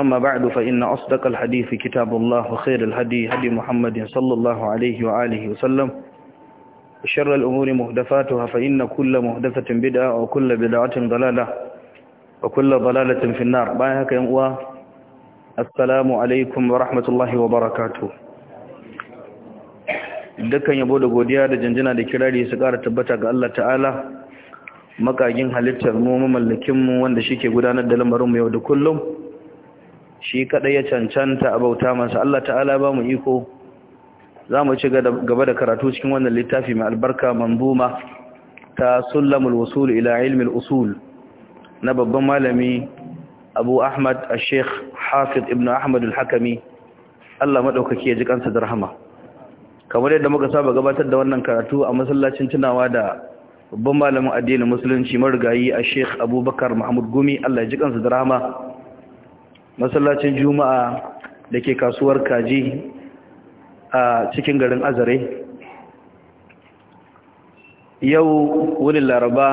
أما بعد فإن أصدق الحديث كتاب الله وخير الهدي هدي محمد صلى الله عليه وآله وسلم شر الأمور مهدفاتها فإن كل مهدفة بدعة وكل بدعة ضلالة وكل ضلالة في النار بايهك يمؤى السلام عليكم ورحمة الله وبركاته dukkan yabo da godiya da janjina da kirari su ƙara tabbata ga Allah ta'ala makagin halittar mu mamallakin mu wanda shike gudanar da lamarin mu yau da kullum shi kadai ya cancanta a bauta masa Allah ta'ala ba mu iko za mu ci gaba da karatu cikin wannan littafi mai albarka manzuma ta sulamul wusul ila ilmil usul na babban malami abu ahmad a sheikh hafiz ibn ahmad al-hakami Allah maɗaukaki ya ji kansa da rahama kamar yadda muka saba gabatar da wannan karatu a masallacin tunawa da babban malamin addinin musulunci marigayi a sheikh abubakar mahmud gumi Allah ya ji kansa da rahama masallacin juma'a da ke kasuwar kaji a cikin garin azare yau wani laraba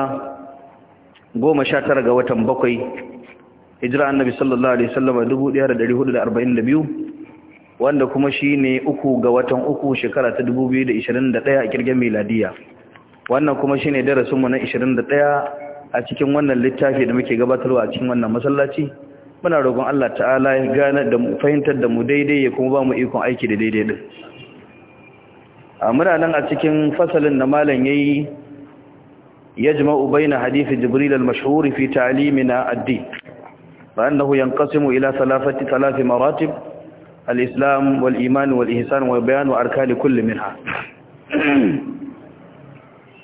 goma sha tara ga watan bakwai hijira annabi sallallahu alaihi sallama 1442 wanda kuma shi ne uku ga watan uku shekara ta 2021 a kirgin miladiya wannan kuma shi ne darasinmu na 21 a cikin wannan littafi da muke gabatarwa a cikin wannan masallaci muna roƙon Allah ta'ala ya gane da mu fahimtar da mu daidai ya kuma ba mu ikon aiki da daidai din a muna nan a cikin fasalin da malam yayi yajma'u baina hadith jibril al-mashhur fi ta'limina ad-din fa annahu yanqasimu ila thalathati thalath maratib al-islam wal-iman wal-ihsan wa bayan arkan kulli minha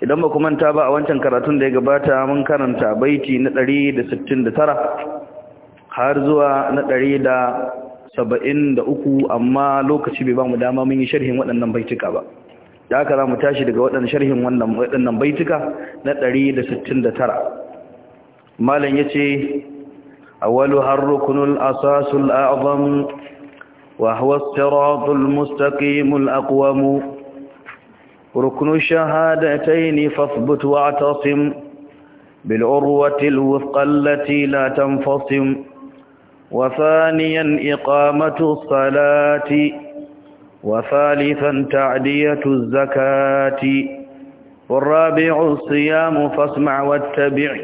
idan ba kuma ta ba a wancan karatun da ya gabata mun karanta baiti na 169 har zuwa na ɗari da saba'in da uku amma lokaci bai ba mu dama mun yi sharhin waɗannan baituka ba da aka za mu tashi daga waɗannan sharhin waɗannan baituka na ɗari da sittin da tara malam ya ce أول asasul azam wa huwa siratul mustaqimul aqwam ركن الشهادتين فاثبت واعتصم بالعروة الوثقى التي لا تنفصم وثانيا إقامة الصلاة وثالثا تعدية الزكاة والرابع الصيام فاسمع واتبع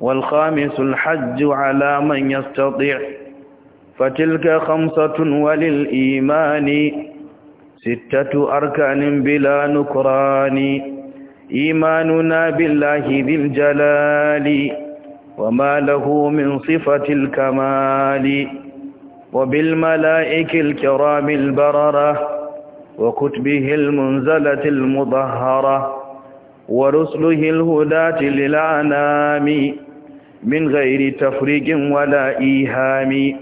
والخامس الحج على من يستطيع فتلك خمسة وللإيمان ستة أركان بلا نكران إيماننا بالله ذي الجلال وما له من صفة الكمال وبالملائك الكرام البررة وكتبه المنزلة المظهرة ورسله الهداة للعنام من غير تفريج ولا إيهام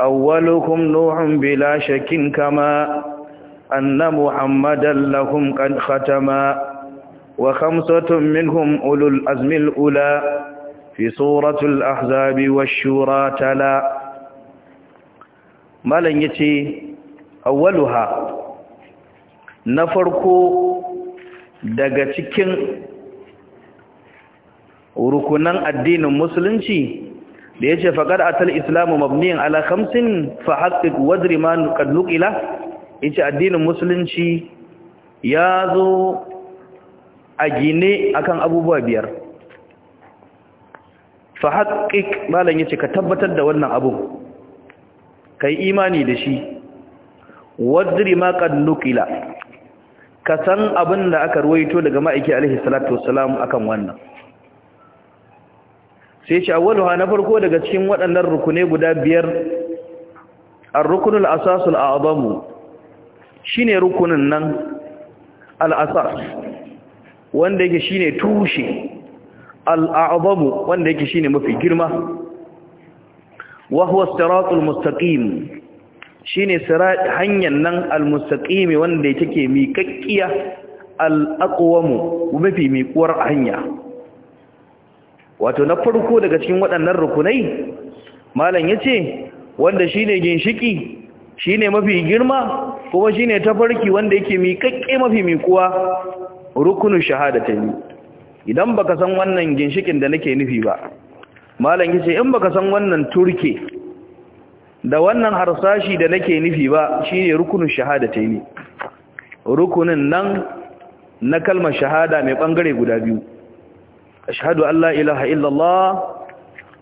أولكم نوح بلا شك كما أن محمدا لهم قد ختما وخمسة منهم أولو الأزم الأولى في سورة الأحزاب والشورى تلا ما لن na farko daga cikin rukunan addinin musulunci da ya ce faƙar atal islamu mabniyin ala kamsin fa haƙiƙ ma kadnuk ila ce addinin musulunci ya zo a gine akan abubuwa biyar fa haƙiƙ malam ce ka tabbatar da wannan abu yi imani da shi wadri ma kan nukila, ka san abin da aka ruwaito daga ma'aiki alaihi salatu wassalam akan wannan sai ce ha na farko daga cikin waɗannan rukune guda biyar ar-rukunul asasul a'zamu shine rukunin nan al-asas wanda yake shine tushe al'azamu wanda yake shi ne mafi girma wa huwa siratul mustaqim shine sirat hanyar nan al-mustaqim wanda take miƙaƙƙiya al mafi miƙuwar hanya wato na farko daga cikin waɗannan rukunai malam ce wanda shi shine ginshiki ne mafi girma kuma shi ne tafarki wanda yake miƙaƙƙe mafi miƙuwa rukunin shahadatani idan baka san wannan ginshikin da nake nufi ba malam ce in baka san wannan turke da wannan harsashi da nake nufi ba shine rukunin shahada ne. rukunin nan na kalmar shahada mai bangare guda biyu ashhadu an la ilaha illallah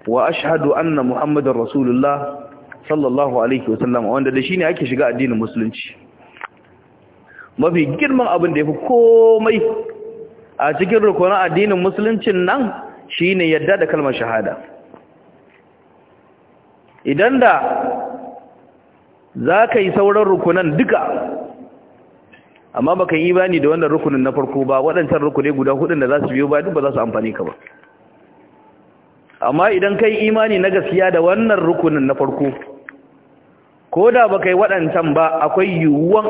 wa ashhadu anna muhammadar rasulullah sallallahu alaihi wasallam wanda da shine ake shiga addinin musulunci mafi girman abin da yafi komai a cikin rukunan addinin musuluncin nan shine yadda da kalmar shahada idan da za ka yi sauran rukunan duka amma baka yi bani da wannan rukunin na farko ba waɗancan rukunai guda hudun da za su biyo ba duk ba za su amfani ka ba amma idan ka yi imani na gaskiya da wannan rukunin na farko ko da ba yi waɗancan ba akwai yiwuwan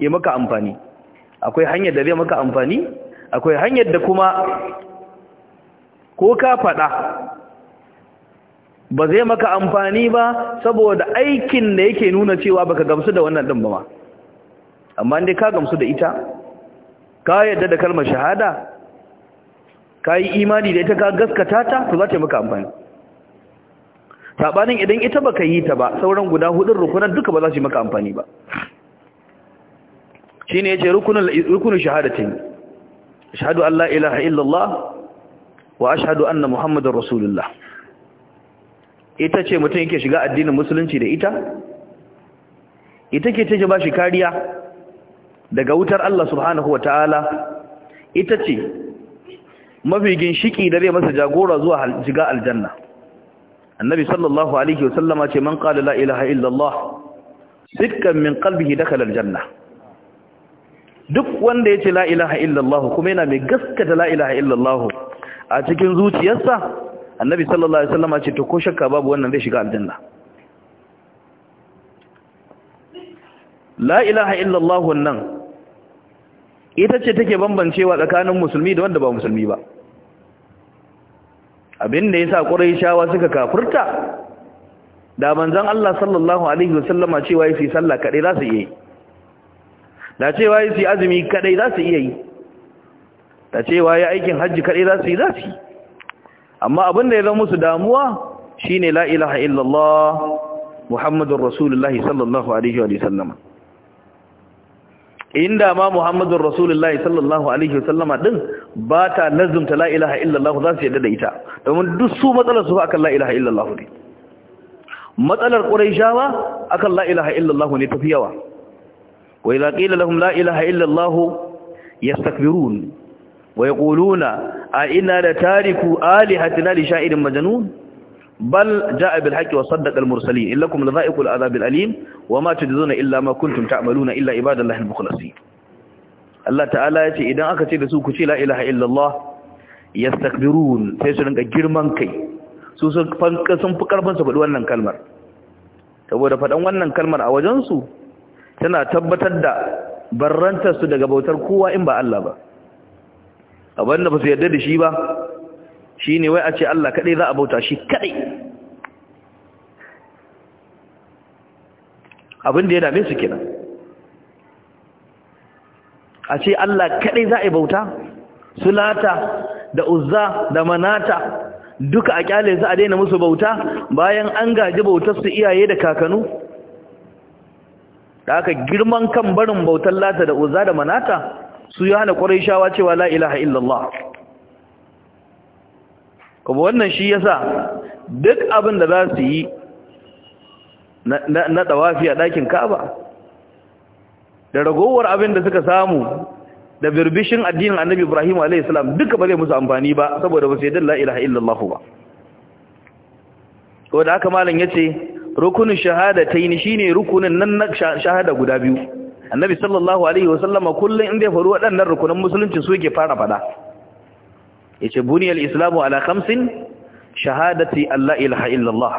ya maka amfani akwai hanyar da zai maka amfani akwai hanyar da kuma ko ka faɗa ba zai maka amfani ba saboda aikin da yake nuna cewa baka gamsu da wannan ɗin ba ma amma dai ka gamsu da ita ka yadda da kalmar shahada ka yi imani da ita ka gaskata ta to za ta yi maka amfani saɓanin idan ita baka yi ta ba sauran guda hudun rukunan duka ba za su yi maka amfani ba shi ne ya ce rukunin shahadatin ashhadu an la ilaha illallah wa ashhadu anna muhammadar rasulullah ita ce mutum yake shiga addinin musulunci da ita ita ke take ba kariya daga wutar Allah subhanahu wataala ita ce mafi ginshiki da zai masa jagora zuwa shiga aljanna annabi sallallahu alaihi wasallama ce man qala la ilaha illallah sidqan min qalbihi dakhala aljanna duk wanda ya ce la ilaha kuma yana mai gaskata la ilaha a cikin zuciyarsa annabi sallallahu alaihi wasallama ce to ko shakka babu wannan zai shiga aljanna la ilaha nan wannan ita ce take bambancewa tsakanin musulmi da wanda ba musulmi ba Abin da ya sa ƙwarai shawa suka kafurta da manzon Allah sallallahu alaihi wasallama cewa yi sallah kaɗai za su yi da cewa yi su azumi kadai za su iya yi da cewa yi aikin hajji kadai za su yi za su yi amma abin da ya zama musu damuwa shine la ilaha illallah muhammadun rasulullahi sallallahu alaihi wa sallama. inda ma muhammadun rasulullahi sallallahu alaihi wa sallama din ba ta lazumta la ilaha illallah za su yadda da ita domin duk su matsalar su akan la ilaha illallah ne matsalar quraishawa akan la ilaha illallah ne tafi yawa wa idza qila lahum la ilaha illa allah yastakbirun wa a ina da tariku alihatina li sha'irin majnun bal jaa bil haqqi wa saddaqa al mursalin illakum la dha'iqul adhab al alim wa ma tujzuna illa ma kuntum ta'maluna illa ibadallahi al mukhlasin Allah ta'ala yace idan aka ce da su ku ce la ilaha illa allah sai su rinka girman kai su sun fanka sun fi karfin su faɗi wannan kalmar saboda faɗan wannan kalmar a wajensu tana tabbatar da barrantarsu daga bautar kowa in ba Allah ba abin da ba su yarda da shi ba shi ne wai a ce Allah kaɗai za a bauta shi kaɗai abin da ya dame su kenan a ce Allah kaɗai za a yi bauta sulata da uzza da manata duka a kyale su a daina musu bauta bayan an gaji bautar su iyaye da kakanu da aka girman kan barin bautar lata da uza da manata su yi hana shawa cewa la ilaha illallah kuma wannan shi yasa duk abin da za su yi na tsawafi a ɗakin kaba da ragowar abin da suka samu da birbishin addinin annabi ibrahim a.s. duka ba zai musu amfani ba saboda ba sai dalla ilaha illallah ba ko da haka malam ya ce rukunin shahada ta yi shine rukunin nan na shahada guda biyu annabi sallallahu alaihi wasallama kullum inda ya faru waɗannan rukunin musulunci su yake fara faɗa yace buniyal islamu ala khamsin shahadati alla ilaha illallah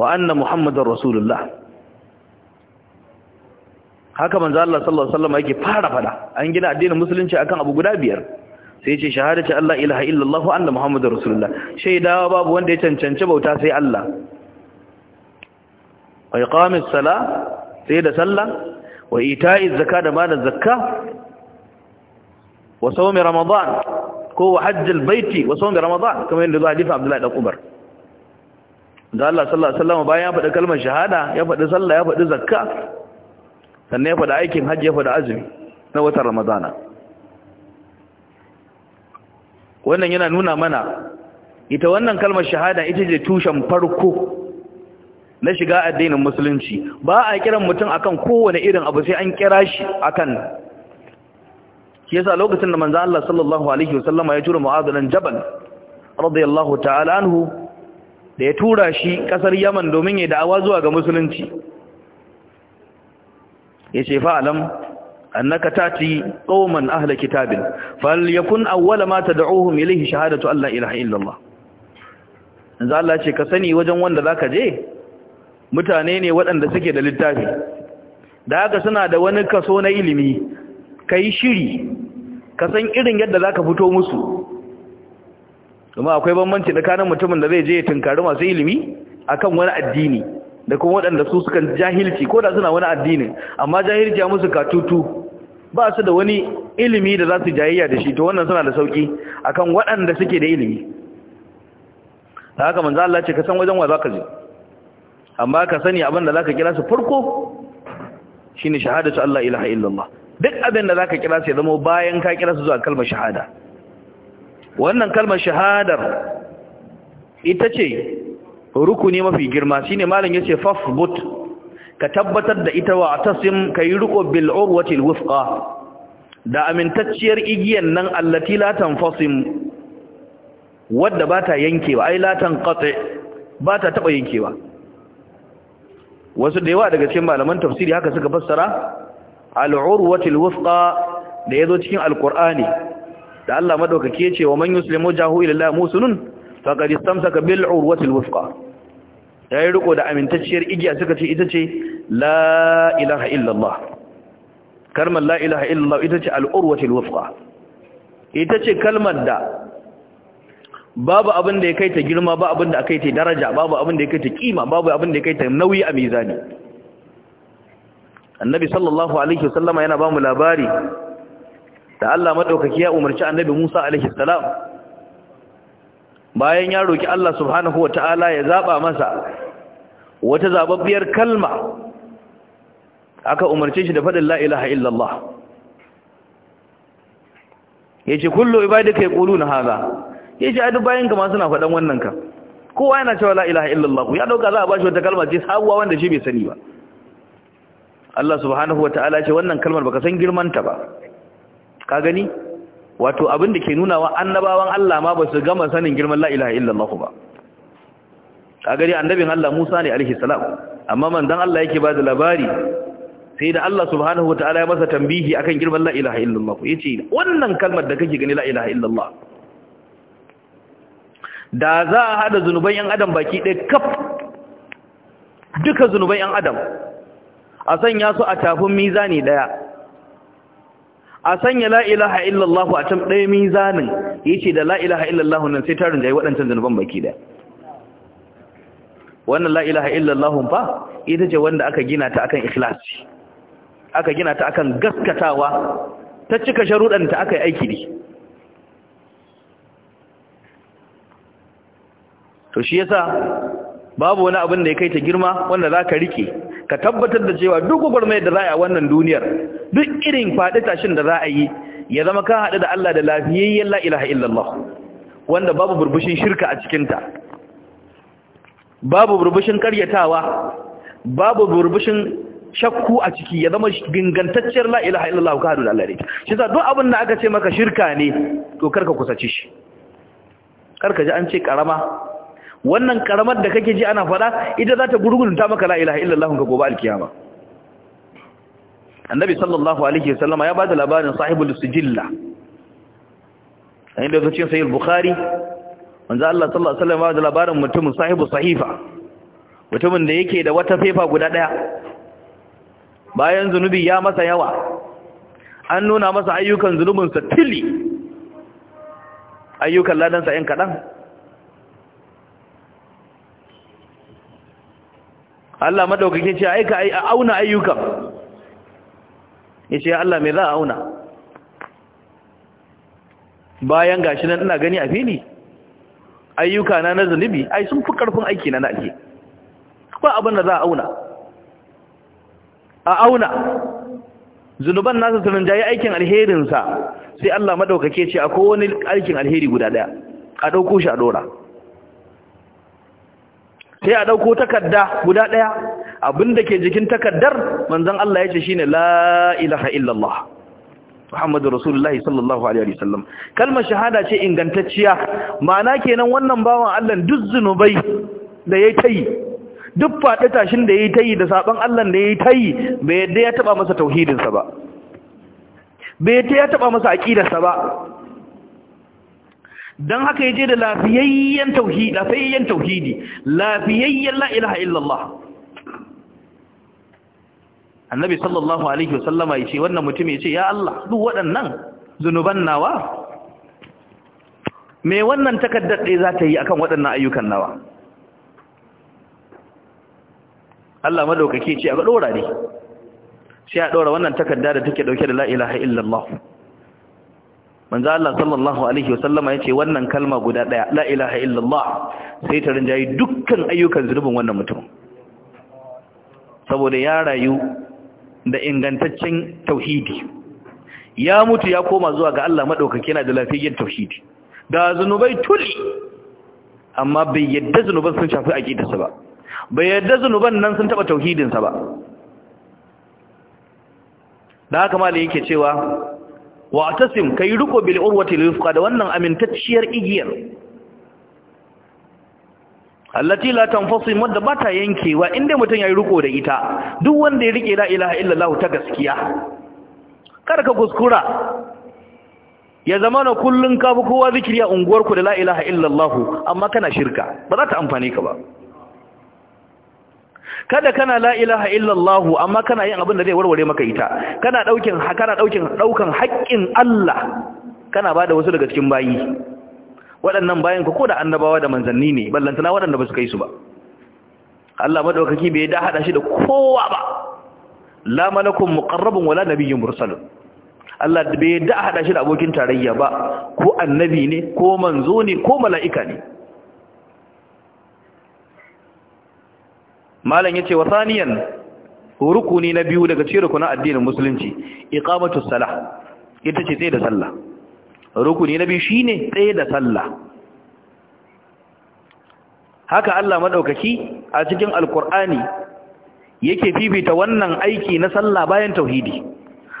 wa anna muhammadar rasulullah haka manzo Allah sallallahu alaihi wasallama yake fara faɗa an gina addinin musulunci akan abu guda biyar sai yace shahadati alla ilaha illallah wa anna muhammadar rasulullah shaidawa babu wanda ya cancanci bauta sai Allah wa iqamis sala sai da sallah wa ita'i zakka da bada zakka wa sawmi ramadan ko wa hajjal baiti wa sawmi ramadan kamar yadda zuwa hadisi Abdullahi dan Umar da Allah sallallahu alaihi wasallam bayan ya faɗi kalmar shahada ya faɗi sallah ya faɗi zakka sannan ya faɗi aikin hajji ya faɗi azumi na watan ramadana wannan yana nuna mana ita wannan kalmar shahada ita ce tushen farko na shiga addinin musulunci ba a kiran mutum akan kowane irin abu sai an kira shi akan shi yasa lokacin da manzo Allah sallallahu alaihi wasallama ya tura Mu'adh Jabal radiyallahu ta'ala anhu da ya tura shi kasar Yaman domin ya da'awa zuwa ga musulunci yace fa alam annaka tati qauman ahla kitabin falyakun awwala ma tad'uhum ilayhi shahadatu an la ilaha illallah manzo Allah ce ka sani wajen wanda zaka je mutane ne waɗanda suke da littafi da haka suna da wani kaso na ilimi ka yi shiri ka san irin yadda za ka fito musu kuma akwai da tsakanin mutumin da zai je ya tunkari masu ilimi akan wani addini da kuma waɗanda su sukan jahilci ko da suna wani addini amma jahilci ya musu tutu ba su da wani ilimi da za su jayayya da shi to wannan suna da sauki akan waɗanda suke da ilimi da haka manzan Allah ce ka san wajen wa za ka je amma ka sani abin da zaka kira su farko shine shahadatu Allah ilaha illallah duk abinda zaka kira su ya zama bayan ka kira su zuwa kalmar shahada wannan kalmar shahadar ita ce rukuni mafi girma shine malam yace fasbut ka tabbatar da ita wa tasim kai ruko bil urwati al wufqa da amintacciyar igiyan nan allati la tanfasim wadda ba ta yankewa ai la tanqati ba ta taba yankewa wasu da yawa daga cikin malaman tafsiri haka suka fassara al-urwatul wufqa da yazo cikin alqur'ani da Allah madaukake ya ce wa man yuslimu jahu ila Allah musulun faqad istamsaka bil urwatil wufqa yayi riko da amintacciyar igiya suka ce ita ce la ilaha illallah kalmar la ilaha illallah ita ce al urwatil wufqa ita ce kalmar da babu abin da ya kai ta girma ba abin da aka yi ta daraja babu abin da ya kai ta kima babu abin da ya kai ta nauyi a mizani annabi sallallahu alaihi wasallama yana ba mu labari da Allah madaukaki ya umarci annabi Musa alaihi salam bayan ya roki Allah subhanahu wataala ya zaba masa wata zababbiyar kalma aka umarce shi da faɗin la ilaha illallah yace kullu ibadika yaquluna hadha ya ce ai duk bayan kama suna faɗan wannan ka kowa yana cewa la ilaha ya ɗauka za a bashi wata kalmar ce sabuwa wanda shi bai sani ba Allah subhanahu ta'ala ce wannan kalmar baka san girmanta ba ka gani wato abin da ke nuna wa annabawan Allah ma ba su gama sanin girman la ilaha ba ka gani annabin Allah Musa ne alaihi salam amma manzon Allah yake ba da labari sai da Allah subhanahu ta'ala ya masa tambihi akan girman la ilaha illallah yace wannan kalmar da kake gani la ilaha da za a hada zunuban yan adam baki ɗaya kaf duka zunuban yan adam a sanya su a tafin mizani ɗaya a sanya la'ilaha illallahu a can ɗaya mizanin ya ce da la'ilaha illallahu nan sai tarin jai waɗancan zunuban baki ɗaya. wannan la'ilaha illallahu fa ita ce wanda aka gina ta akan ikhlasi aka gina ta akan gaskatawa ta cika sharuɗanta aka yi aiki ne to shi yasa babu wani abin da ya kai ta girma wanda za ka rike ka tabbatar da cewa duk gwagwarmayar da za a yi a wannan duniyar duk irin faɗi tashin da za a yi ya zama ka haɗu da Allah da lafiyayyen la'ilaha illallah wanda babu burbushin shirka a cikinta babu burbushin karyatawa babu burbushin shakku a ciki ya zama gingantacciyar la'ilaha illallah ka haɗu da Allah ne shi sa duk abin da aka ce maka shirka ne to karka kusace shi karka ji an ce ƙarama wannan karamar da kake ji ana faɗa ita za ta gurgunta maka la ilaha illallah ga gobe alkiyama annabi sallallahu alaihi wasallama ya bada labarin sahibul sijilla inda zuciyar sahih bukhari manzo Allah sallallahu alaihi wasallam ya bada labarin mutumin sahibu sahifa mutumin da yake da wata fefa guda daya bayan zunubi ya masa yawa an nuna masa ayyukan zunubinsa tili ayyukan ladansa 'yan kaɗan Allah madaukakin ce aika ai a auna ayyukan yace Allah me za a auna bayan gashi nan ina gani a fili ayyuka na na zunubi ai sun fi karfin aiki na na alheri ba abin da za a auna a auna zunuban nasa su jayi aikin alherinsa sai Allah madaukake ce a kowane aikin alheri guda daya a ɗauko shi a ɗora sai a ɗauko takarda guda ɗaya abinda ke jikin takardar manzon Allah ya ce shine la ilaha illallah Muhammadu Rasulullahi sallallahu alaihi wasallam kalmar shahada ce ingantacciya ma'ana kenan wannan bawan Allah duk zunubai da ta yi duk faɗi tashin da yayi tayi da saban Allah da yayi tayi bai yadda ya taɓa masa tauhidin ba bai yadda ya taɓa masa aqidar ba don haka ya je da lafiyayyen tauhidi lafiyayyen tauhidi lafiyayyen la ilaha illallah annabi sallallahu alaihi wasallama ya ce wannan mutum ya ce ya Allah duk waɗannan zunuban nawa me wannan takaddar ɗaya za ta yi akan waɗannan ayyukan nawa Allah madaukake ce a ga ɗora ne sai a ɗora wannan takarda da take ɗauke da la ilaha illallah manzo Allah sallallahu alaihi ya yace wannan kalma guda daya la ilaha illallah sai ta rinjayi dukkan ayyukan zunubin wannan mutum saboda ya rayu da ingantaccen tauhidi ya mutu ya koma zuwa ga Allah madaukaki yana da lafiyar tauhidi da zunubai tuli amma bai yadda zunuban sun shafi aqidarsa ba bai yadda zunuban nan sun taba tauhidin sa ba da haka malai yake cewa wa tasim kai riko bil urwati da wannan amintacciyar igiyar allati la tanfasim wadda bata yankewa inda mutum yayi riko da ita duk wanda ya rike la ilaha illallah ta gaskiya Kar ka kuskura ya zama na kullun ka bu kowa zikiri a unguwarku da la ilaha illallah amma kana shirka ba za ta amfane ka ba kada kana la ilaha illallah amma kana yin abin da zai warware maka ita kana daukin kana daukin daukan haƙƙin Allah kana bada wasu daga cikin bayi waɗannan bayan ko da annabawa da manzanni ne ballantana waɗanda ba su kai su ba Allah madaukaki bai da hada shi da kowa ba la malakun muqarrabun wala nabiyyun mursalun Allah bai da hada shi da abokin tarayya ba ko annabi ne ko manzo ne ko mala'ika ne malam yace wa saniyan rukuni na biyu daga cikin rukunin addinin musulunci iqamatus salah ita ce tsaye da sallah rukuni na biyu shine tsaye da sallah haka Allah madaukaki a cikin alqur'ani yake fifita wannan aiki na sallah bayan tauhidi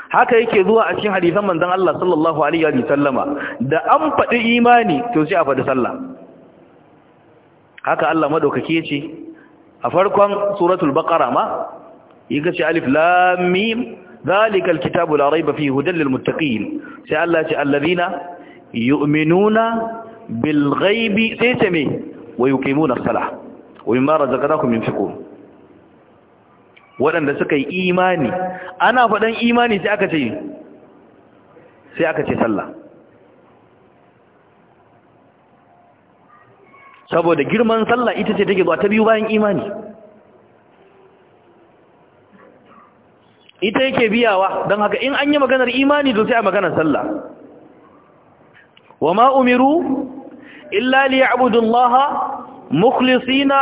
haka yake zuwa a cikin hadisan manzon Allah sallallahu alaihi wa sallama da an faɗi imani to sai a faɗi sallah haka Allah madaukaki yace a farkon suratul baqara ma yake ce alif lam mim zalikal kitabu la raiba fi hudan lil muttaqin sai Allah ce alladhina yu'minuna bil ghaibi sai ce me wa yuqimuna as-salah wa mimma razaqnakum yunfiqun waɗanda suka yi imani ana faɗan imani sai aka ce sai aka ce sallah saboda girman sallah ita ce take zuwa ta biyu bayan imani ita yake biyawa don haka in an yi maganar imani to sai a maganar sallah wa ma umiru illa li ya'budullaha mukhlisina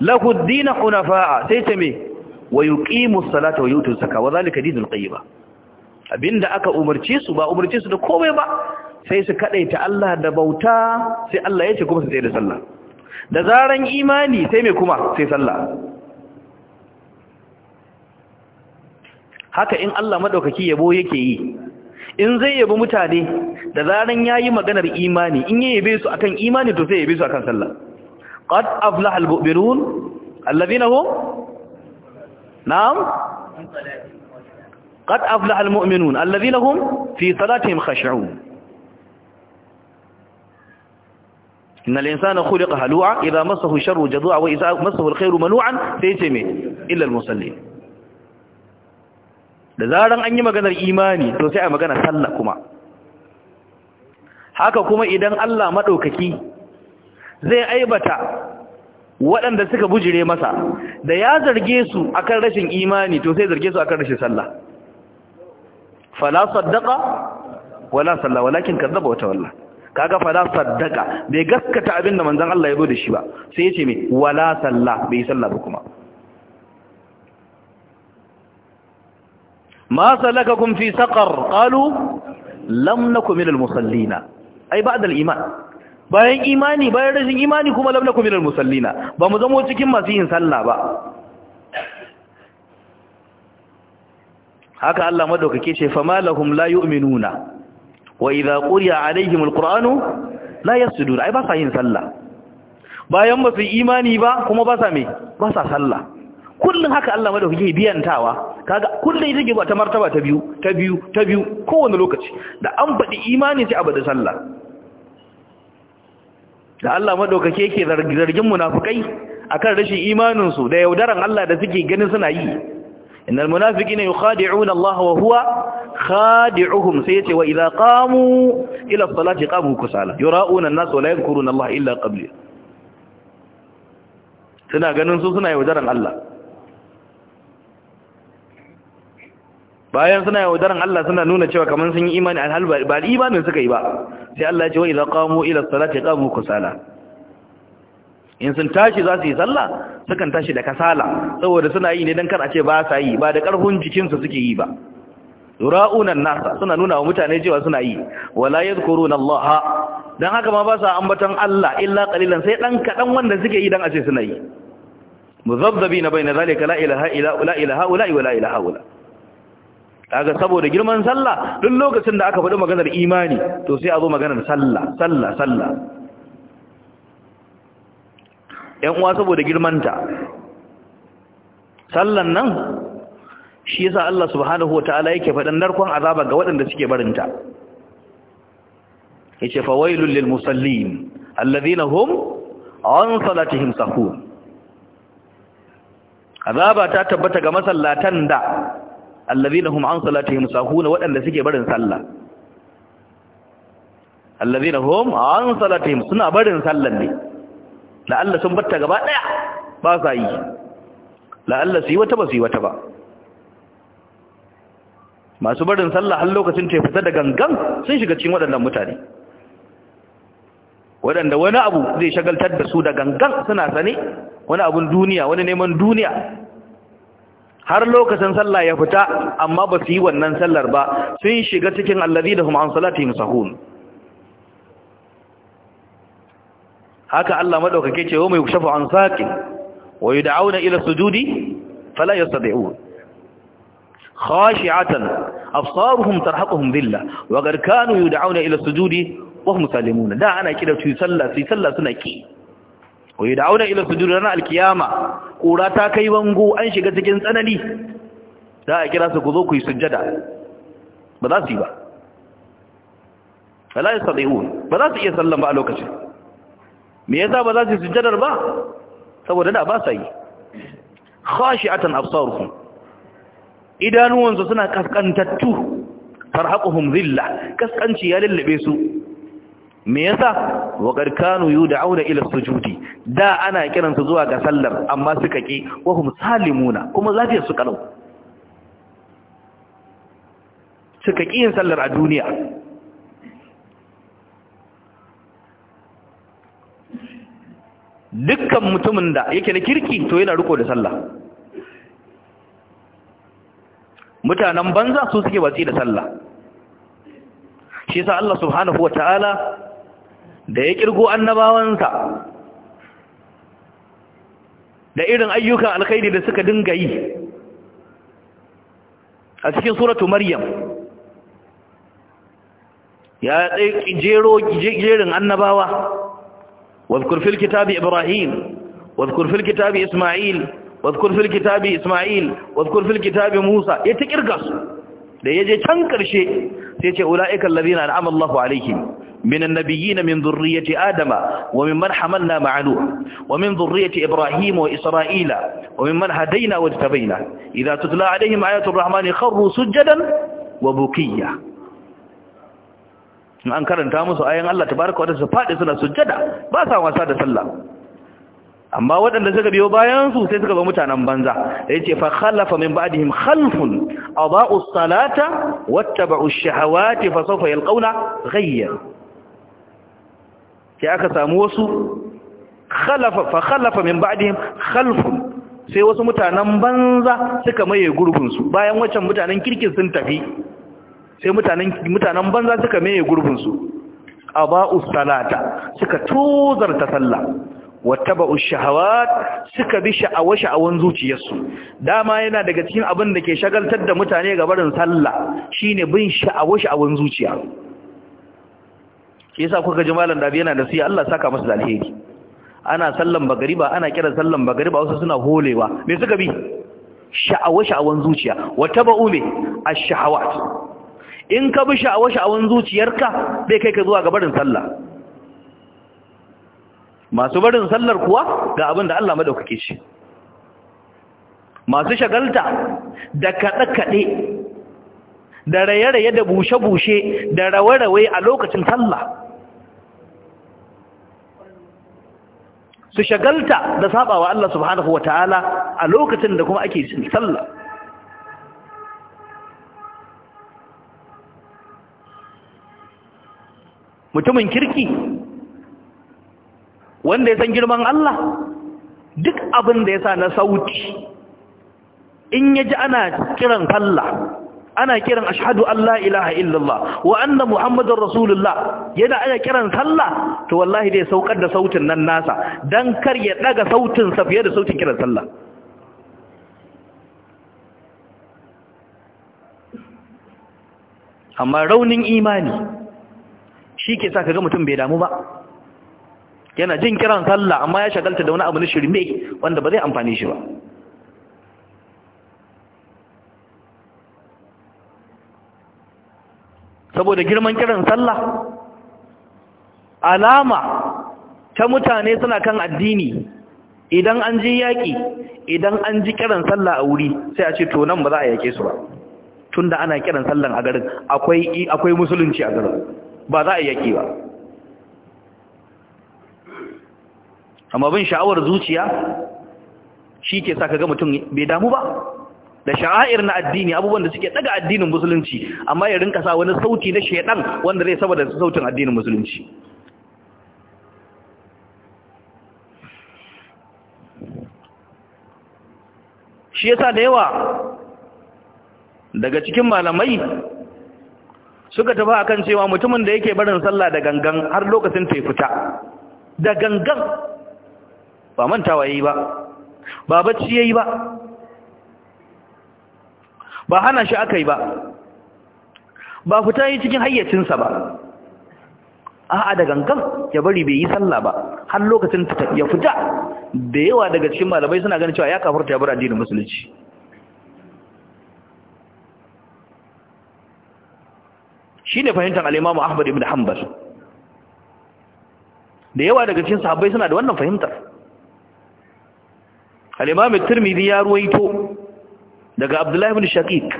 lahu hunafa'a sai ta me wa yuqimu as-salata wa yutu zakata wa zalika dinul qayyim abinda aka umarce su ba umarce su da komai ba sai su kadaita Allah da bauta sai Allah ya ce kuma su tsaye da sallah da zaran imani sai mai kuma sai sallah haka in Allah madaukaki yabo yake yi in zai yabi mutane da ya yi maganar imani in ya yabe su akan imani to sai yabe su akan sallah Ƙad qad aflaha almu'minun alladhina hum na'am qad aflaha almu'minun alladhina hum fi salatihim khashi'un inna al-insana khuliqa halu'a idza massahu sharru jazua wa idza massahu al-khairu sai ce me illa al da an yi maganar imani to sai a magana sallah kuma haka kuma idan Allah madaukaki zai aibata waɗanda suka bujire masa da ya zarge su akan rashin imani to sai zarge su akan rashin sallah fala saddaqa wala salla walakin kazzaba wa tawalla kaga fa la saddaka bai gaskata abinda manzon Allah ya zo da shi ba sai yace me wala salla bai salla ba kuma ma salakakum fi saqar qalu lam nakum minal musallina ai ba'da al-iman bayan imani bayan rashin imani kuma lam nakum minal musallina ba mu zamo cikin masu yin sallah ba haka Allah madaukake ce fa malahum la yu'minuna wa idza quriya alaihim alquranu la yasjudun ai ba sa yin sallah bayan ba su imani ba kuma ba sa me ba sa sallah kullun haka Allah madaukake biyantawa kaga kullun yake ba ta martaba ta biyu ta biyu ta biyu kowanne lokaci da an fadi imani sai abada sallah da Allah madaukake yake zargin munafikai akan rashin imanin su da yaudaran Allah da suke ganin suna yi innal munafiqina yukhadi'una Allah wa huwa khadi'uhum sai yace wa idza qamu ila salati qamu kusala yura'una an-nas wa Allah illa suna ganin su suna yaudaran Allah bayan suna yaudaran Allah suna nuna cewa kaman sun yi imani alhal ba imanin suka yi ba sai Allah ya ce wa idza qamu ila salati qamu kusala in sun tashi za su yi sallah sukan tashi da kasala saboda suna yi ne don kar a ce ba sa yi ba da ƙarfin jikinsu suke yi ba ra'unan nasa suna nuna wa mutane cewa suna yi wala yadhkuruna Allah dan haka ma ba sa ambaton Allah illa qalilan sai dan kaɗan wanda suke yi dan a ce suna yi na baina zalika la ilaha illa ilaha ula wa ilaha ula kaga saboda girman sallah duk lokacin da aka faɗi maganar imani to sai a zo maganar sallah sallah sallah ‘yan uwa saboda girmanta sallan nan shi yasa Allah subhanahu wata'ala yake faɗin narkon azaba ga waɗanda suke barinta Ya yace fawailul lil musallin alladhina hum an salatihim sahu. azaba ta tabbata ga masallatan da alladhina hum an salatihim na waɗanda suke barin sallah alladhina hum an salatihim suna barin sallan ne la'alla sun batta gaba ɗaya ba sa yi la'alla su yi wata ba su yi wata ba masu barin sallah har lokacin ta fita da gangan sun shiga cikin waɗannan mutane waɗanda wani abu zai shagaltar da su da gangan suna sane wani abun duniya wani neman duniya har lokacin sallah ya fita amma ba su yi wannan sallar ba sun shiga cikin allazi da kuma an salati musahun haka Allah madaukake ce wa mai shafu an saqi wa yud'auna ila sujudi fala yastati'un khashi'atan absaruhum tarhaquhum dhilla wa gar kanu yud'auna ila sujudi wa hum salimun da ana kida su sallah su sallah suna ki wa yud'auna ila sujudi ranar alkiyama kura ta kai bango an shiga cikin tsanani za a kira su ku zo ku yi sujjada ba za su yi ba fala yastati'un ba za su iya sallan ba a lokacin me yasa ba za su sujjadar ba saboda da ba sa yi khashi'atan absaruhum idanuwansu suna kaskantattu farhaquhum dhilla kaskanci ya lallabe su me yasa wa qad kanu yud'auna ila sujudi da ana kiransu zuwa ga sallar amma suka ki wa hum salimuna kuma lafiyar su kalau suka ki yin sallar a duniya dukkan mutumin da yake na kirki to yana riko da sallah mutanen banza su suke watsi da sallah shi sa Allah subhanahu wataala da ya kirgo annabawansa da irin ayyukan alkhairi da suka dinga yi a cikin suratu maryam ya tsaye jerin annabawa واذكر في الكتاب إبراهيم واذكر في الكتاب إسماعيل واذكر في الكتاب إسماعيل واذكر في الكتاب موسى يتكر قص ليجي تنكر شيء سيتي أولئك الذين أنعم الله عليهم من النبيين من ذرية آدم ومن من حملنا مع نوح ومن ذرية إبراهيم وإسرائيل ومن من هدينا واجتبينا إذا تتلى عليهم آيات الرحمن خروا سجدا وبكيا in an karanta musu ayan Allah tabaraka wa ta'ala su fadi suna sujjada ba sa wasa da sallah amma waɗanda suka biyo bayan su sai suka ba mutanen banza da yace fa khalafa min ba'dihim khalfun adaa'u as-salata wattaba'u ash-shahawati fa sawfa yalqawna ghayya sai aka samu wasu khalafa fa khalafa min ba'dihim khalfun sai wasu mutanen banza suka maye gurbin su bayan waccan mutanen kirkin sun tafi sai mutanen banza suka meye gurbinsu a ba'us salata suka tuzarta sallah wattaba'u shahawat suka bi sha'awa sha'awan zuciyarsu dama yana daga cikin abin da ke shagaltar da mutane ga barin sallah shine bin sha'awa sha'awan zuciya shi yasa kuka ji malam yana da siya Allah saka masa alheri ana sallan bagariba ana kira sallan bagariba wasu suna holewa me suka bi sha'awa sha'awan zuciya wattaba'u me ash-shahawat in ka bi sha'awa-sha'awan zuciyarka zai kai ka zuwa ga barin sallah masu barin sallar kuwa ga abin da Allah madaukake shi masu shagalta da kaɗe-kaɗe da raye-raye da bushe-bushe da rawe-rawe a lokacin sallah su shagalta da sabawa Allah subhanahu wa ta'ala a lokacin da kuma ake sallah mutumin kirki wanda ya san girman Allah duk abin da ya sa na sauti in ya ji ana kiran sallah ana kiran ashhadu an la ilaha illallah wa anna muhammadar rasulullah yana ana kiran sallah to wallahi dai saukar da sautin nan nasa don kar ya daga sautin da sautin kiran sallah amma raunin imani shi ke sa kaga mutum bai damu ba yana jin kiran sallah amma ya shagalta da wani abu na shirme wanda ba zai amfani shi ba saboda girman kiran sallah alama ta mutane suna kan addini idan an ji yaƙi idan an ji kiran sallah a wuri sai a ce to nan ba za a yake su ba tunda ana kiran sallan a garin akwai musulunci a garin ba za a yaki ba amma bin sha'awar zuciya shi ke sa kaga mutum bai damu ba da sha'air na addini abubuwan da suke daga addinin musulunci amma ya rinka sa wani sauti na shaidan wanda zai saboda sautin addinin musulunci shi yasa da yawa daga cikin malamai suka tafi akan cewa mutumin da yake barin sallah da gangan har lokacin ta fita da gangan ba mantawa yayi ba ba bacci yayi ba ba hana shi aka yi ba ba fita yi cikin hayyacinsa ba a'a da gangan ya bari bai yi sallah ba har lokacin ta ya fita da yawa daga cikin malamai suna ganin cewa ya kafurta ya bar addinin musulunci Shi ne fahimtar al Ahmad ibn Hanbal da yawa daga cikin sahabbai suna da wannan fahimtar al turmidi ya ruwaito daga Abdullahi bin Shakik.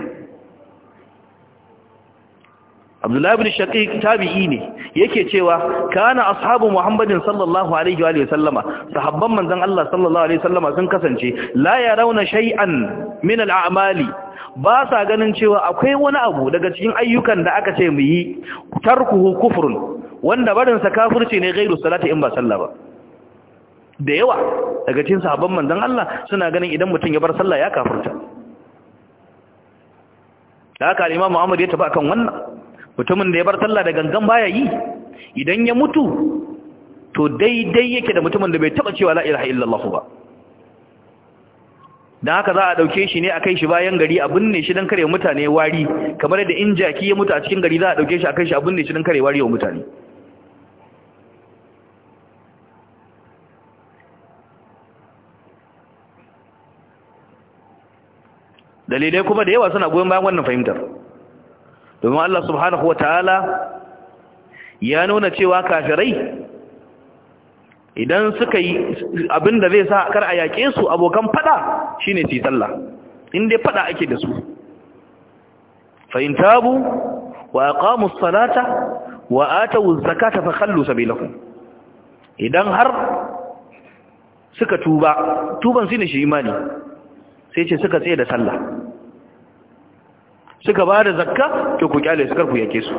Abdullahi bin Shakik tabi'i ne yake cewa kana ashabu Muhammadin sallallahu alaihi wa sallama sahabban manzon Allah sallallahu alaihi wa sallama sun kasance la rauna shay'an min al'amali. ba sa ganin cewa akwai wani abu daga cikin ayyukan da aka ce mu yi tarkuhu kufrun wanda barinsa kafirci ne gairu salati in ba sallah ba da yawa daga cikin sahabban manzon Allah suna ganin idan mutum ya bar sallah ya kafirta da haka Imam Muhammad ya taba kan wannan mutumin da ya bar sallah da gangan baya yi idan ya mutu to daidai yake da mutumin da bai taba cewa la ilaha illallah ba don haka za a ɗauke shi ne a kai shi bayan gari a binne shi don karewa mutane wari kamar yadda in jaki ya mutu a cikin gari za a ɗauke shi a kai shi a binne shi don karewa wari wa mutane dalilai kuma da yawa suna goyon bayan wannan fahimtar domin Allah subhanahu wa ta'ala ya nuna cewa kafirai idan suka yi abin da zai sa kar a yaƙe su abokan fada shine su yi sallah inda dai fada ake da su Fahimta bu, wa aqamu salata wa atu zakata fa khallu sabilahum idan har suka tuba tuban shine shi imani sai ce suka tsaye da sallah suka ba da zakka to ku kyale su karku yake su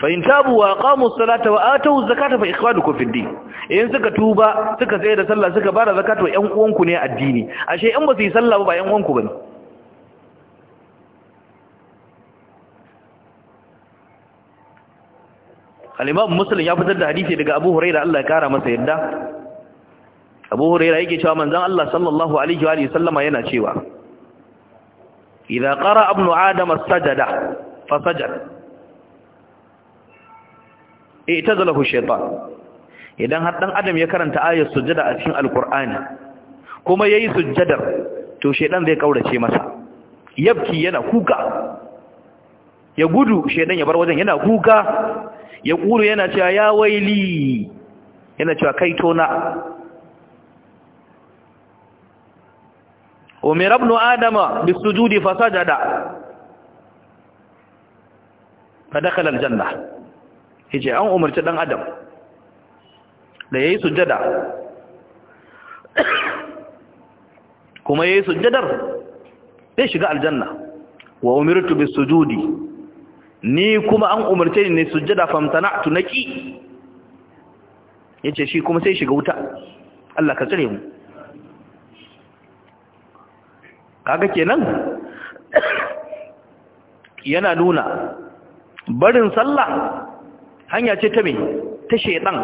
fa in tabu wa aqamu salata wa atu zakata fa ikhwanukum fid din in suka tuba suka tsaya da sallah suka ba da zakata wa ƴan uwanku ne addini ashe in ba su yi sallah ba ba ƴan uwanku bane al-imam muslim ya fitar da hadisi daga abu hurairah Allah ya kara masa yadda abu hurairah yake cewa manzon Allah sallallahu alaihi wa sallama yana cewa idza qara ibnu adam as-sajada fasajada i'tazalahu idan har dan adam ya karanta ayat sujada a cikin alqur'ani kuma yayi sujjadar to shaytan zai kaurace masa yabki yana kuka ya gudu shaytan ya bar wajen yana kuka ya kulu yana cewa ya waili yana cewa kai tona umira ibn adama bisujudi fasajada fadakhala aljanna yace an umarci dan adam da yayi sujjada kuma yayi sujjadar sai shiga aljanna wa umirtu bisujudi ni kuma an umarce ni sujjada famtana'tu naqi yace shi kuma sai shiga wuta Allah ka tsare mu kaga kenan yana nuna barin sallah hanya ce ta me ta shedan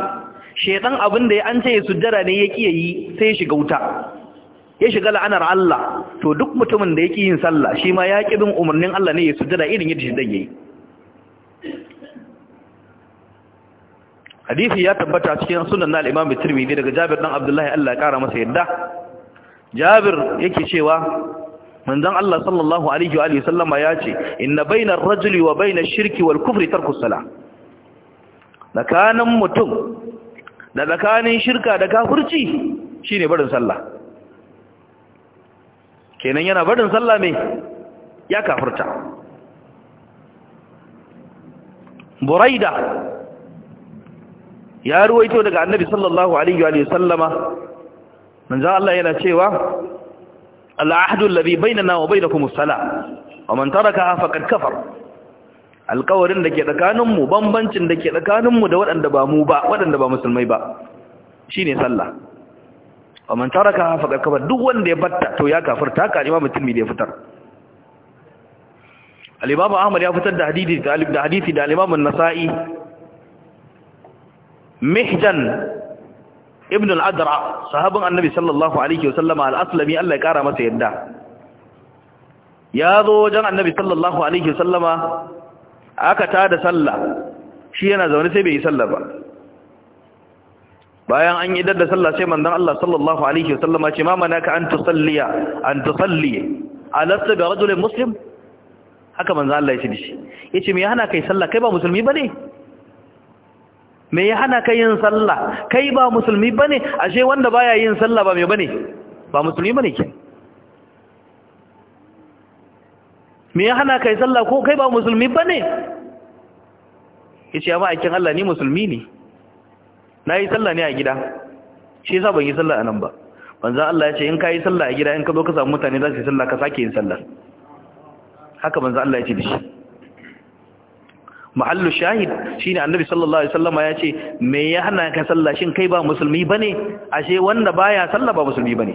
shedan abin da ya an ce sujjada ne ya kiyaye yi sai ya shiga wuta ya shiga la'anar Allah to duk mutumin da ya yin sallah shi ma ya ki bin umarnin Allah ne ya sujjada irin yadda shi yayi hadisi ya tabbata cikin sunan al-Imam Tirmidhi daga Jabir dan Abdullah Allah ya kara masa yadda Jabir yake cewa manzon Allah sallallahu alaihi wa alihi sallama ya ce inna bainar rajuli wa bainash shirki wal kufri tarkus sala Dakanin mutum da dakanin shirka da kafirci shine barin sallah kenan yana barin sallah me ya kafirta buraida ya ruwaito daga annabi sallallahu alaihi wa sallama manzon Allah yana cewa al'ahdu alladhi bainana wa bainakum as-salah wa man tarakaha faqad kafar alƙawarin da ke tsakaninmu bambancin da ke tsakaninmu da waɗanda ba mu ba waɗanda ba musulmai ba shine sallah wa man ka faqad kafar duk wanda ya batta to ya kafar ta kafirta ka imamu da ya fitar al-imamu ahmad ya fitar da hadithi da hadisi nasai mihjan ibn al-adra sahabin annabi sallallahu alaihi wasallama al-aslami Allah ya kara masa yadda ya zo wajen annabi sallallahu alaihi wasallama aka tada sallah shi yana zaune sai bai yi sallah ba bayan an yi dadda sallah sai manzan Allah sallallahu alaihi wasallama ce ma manaka an tusalliya an tusalli alasta ga rajulin muslim haka manzon Allah ya ce dishi ce me yana kai sallah kai ba musulmi ba ne. me ya hana ka yin sallah kai ba musulmi bane ashe wanda ya yin sallah ba ba ne ba musulmi bane ke me ya hana kai sallah ko kai ba musulmi bane ce amma ma'aikin Allah ni musulmi ne na yi sallah ne a gida shi sa ban yi sallah anan ba wanzan Allah ya ce in ka yi sallah a gida in ka zo ka samu mutane za su yi sallah ka sake yin sallah haka banzan Allah ya ce da shi. mahallu shahid shi ne annabi sallallahu alaihi wasallama ya ce me ya hana ka sallah shin kai ba musulmi bane ashe wanda baya sallah ba musulmi bane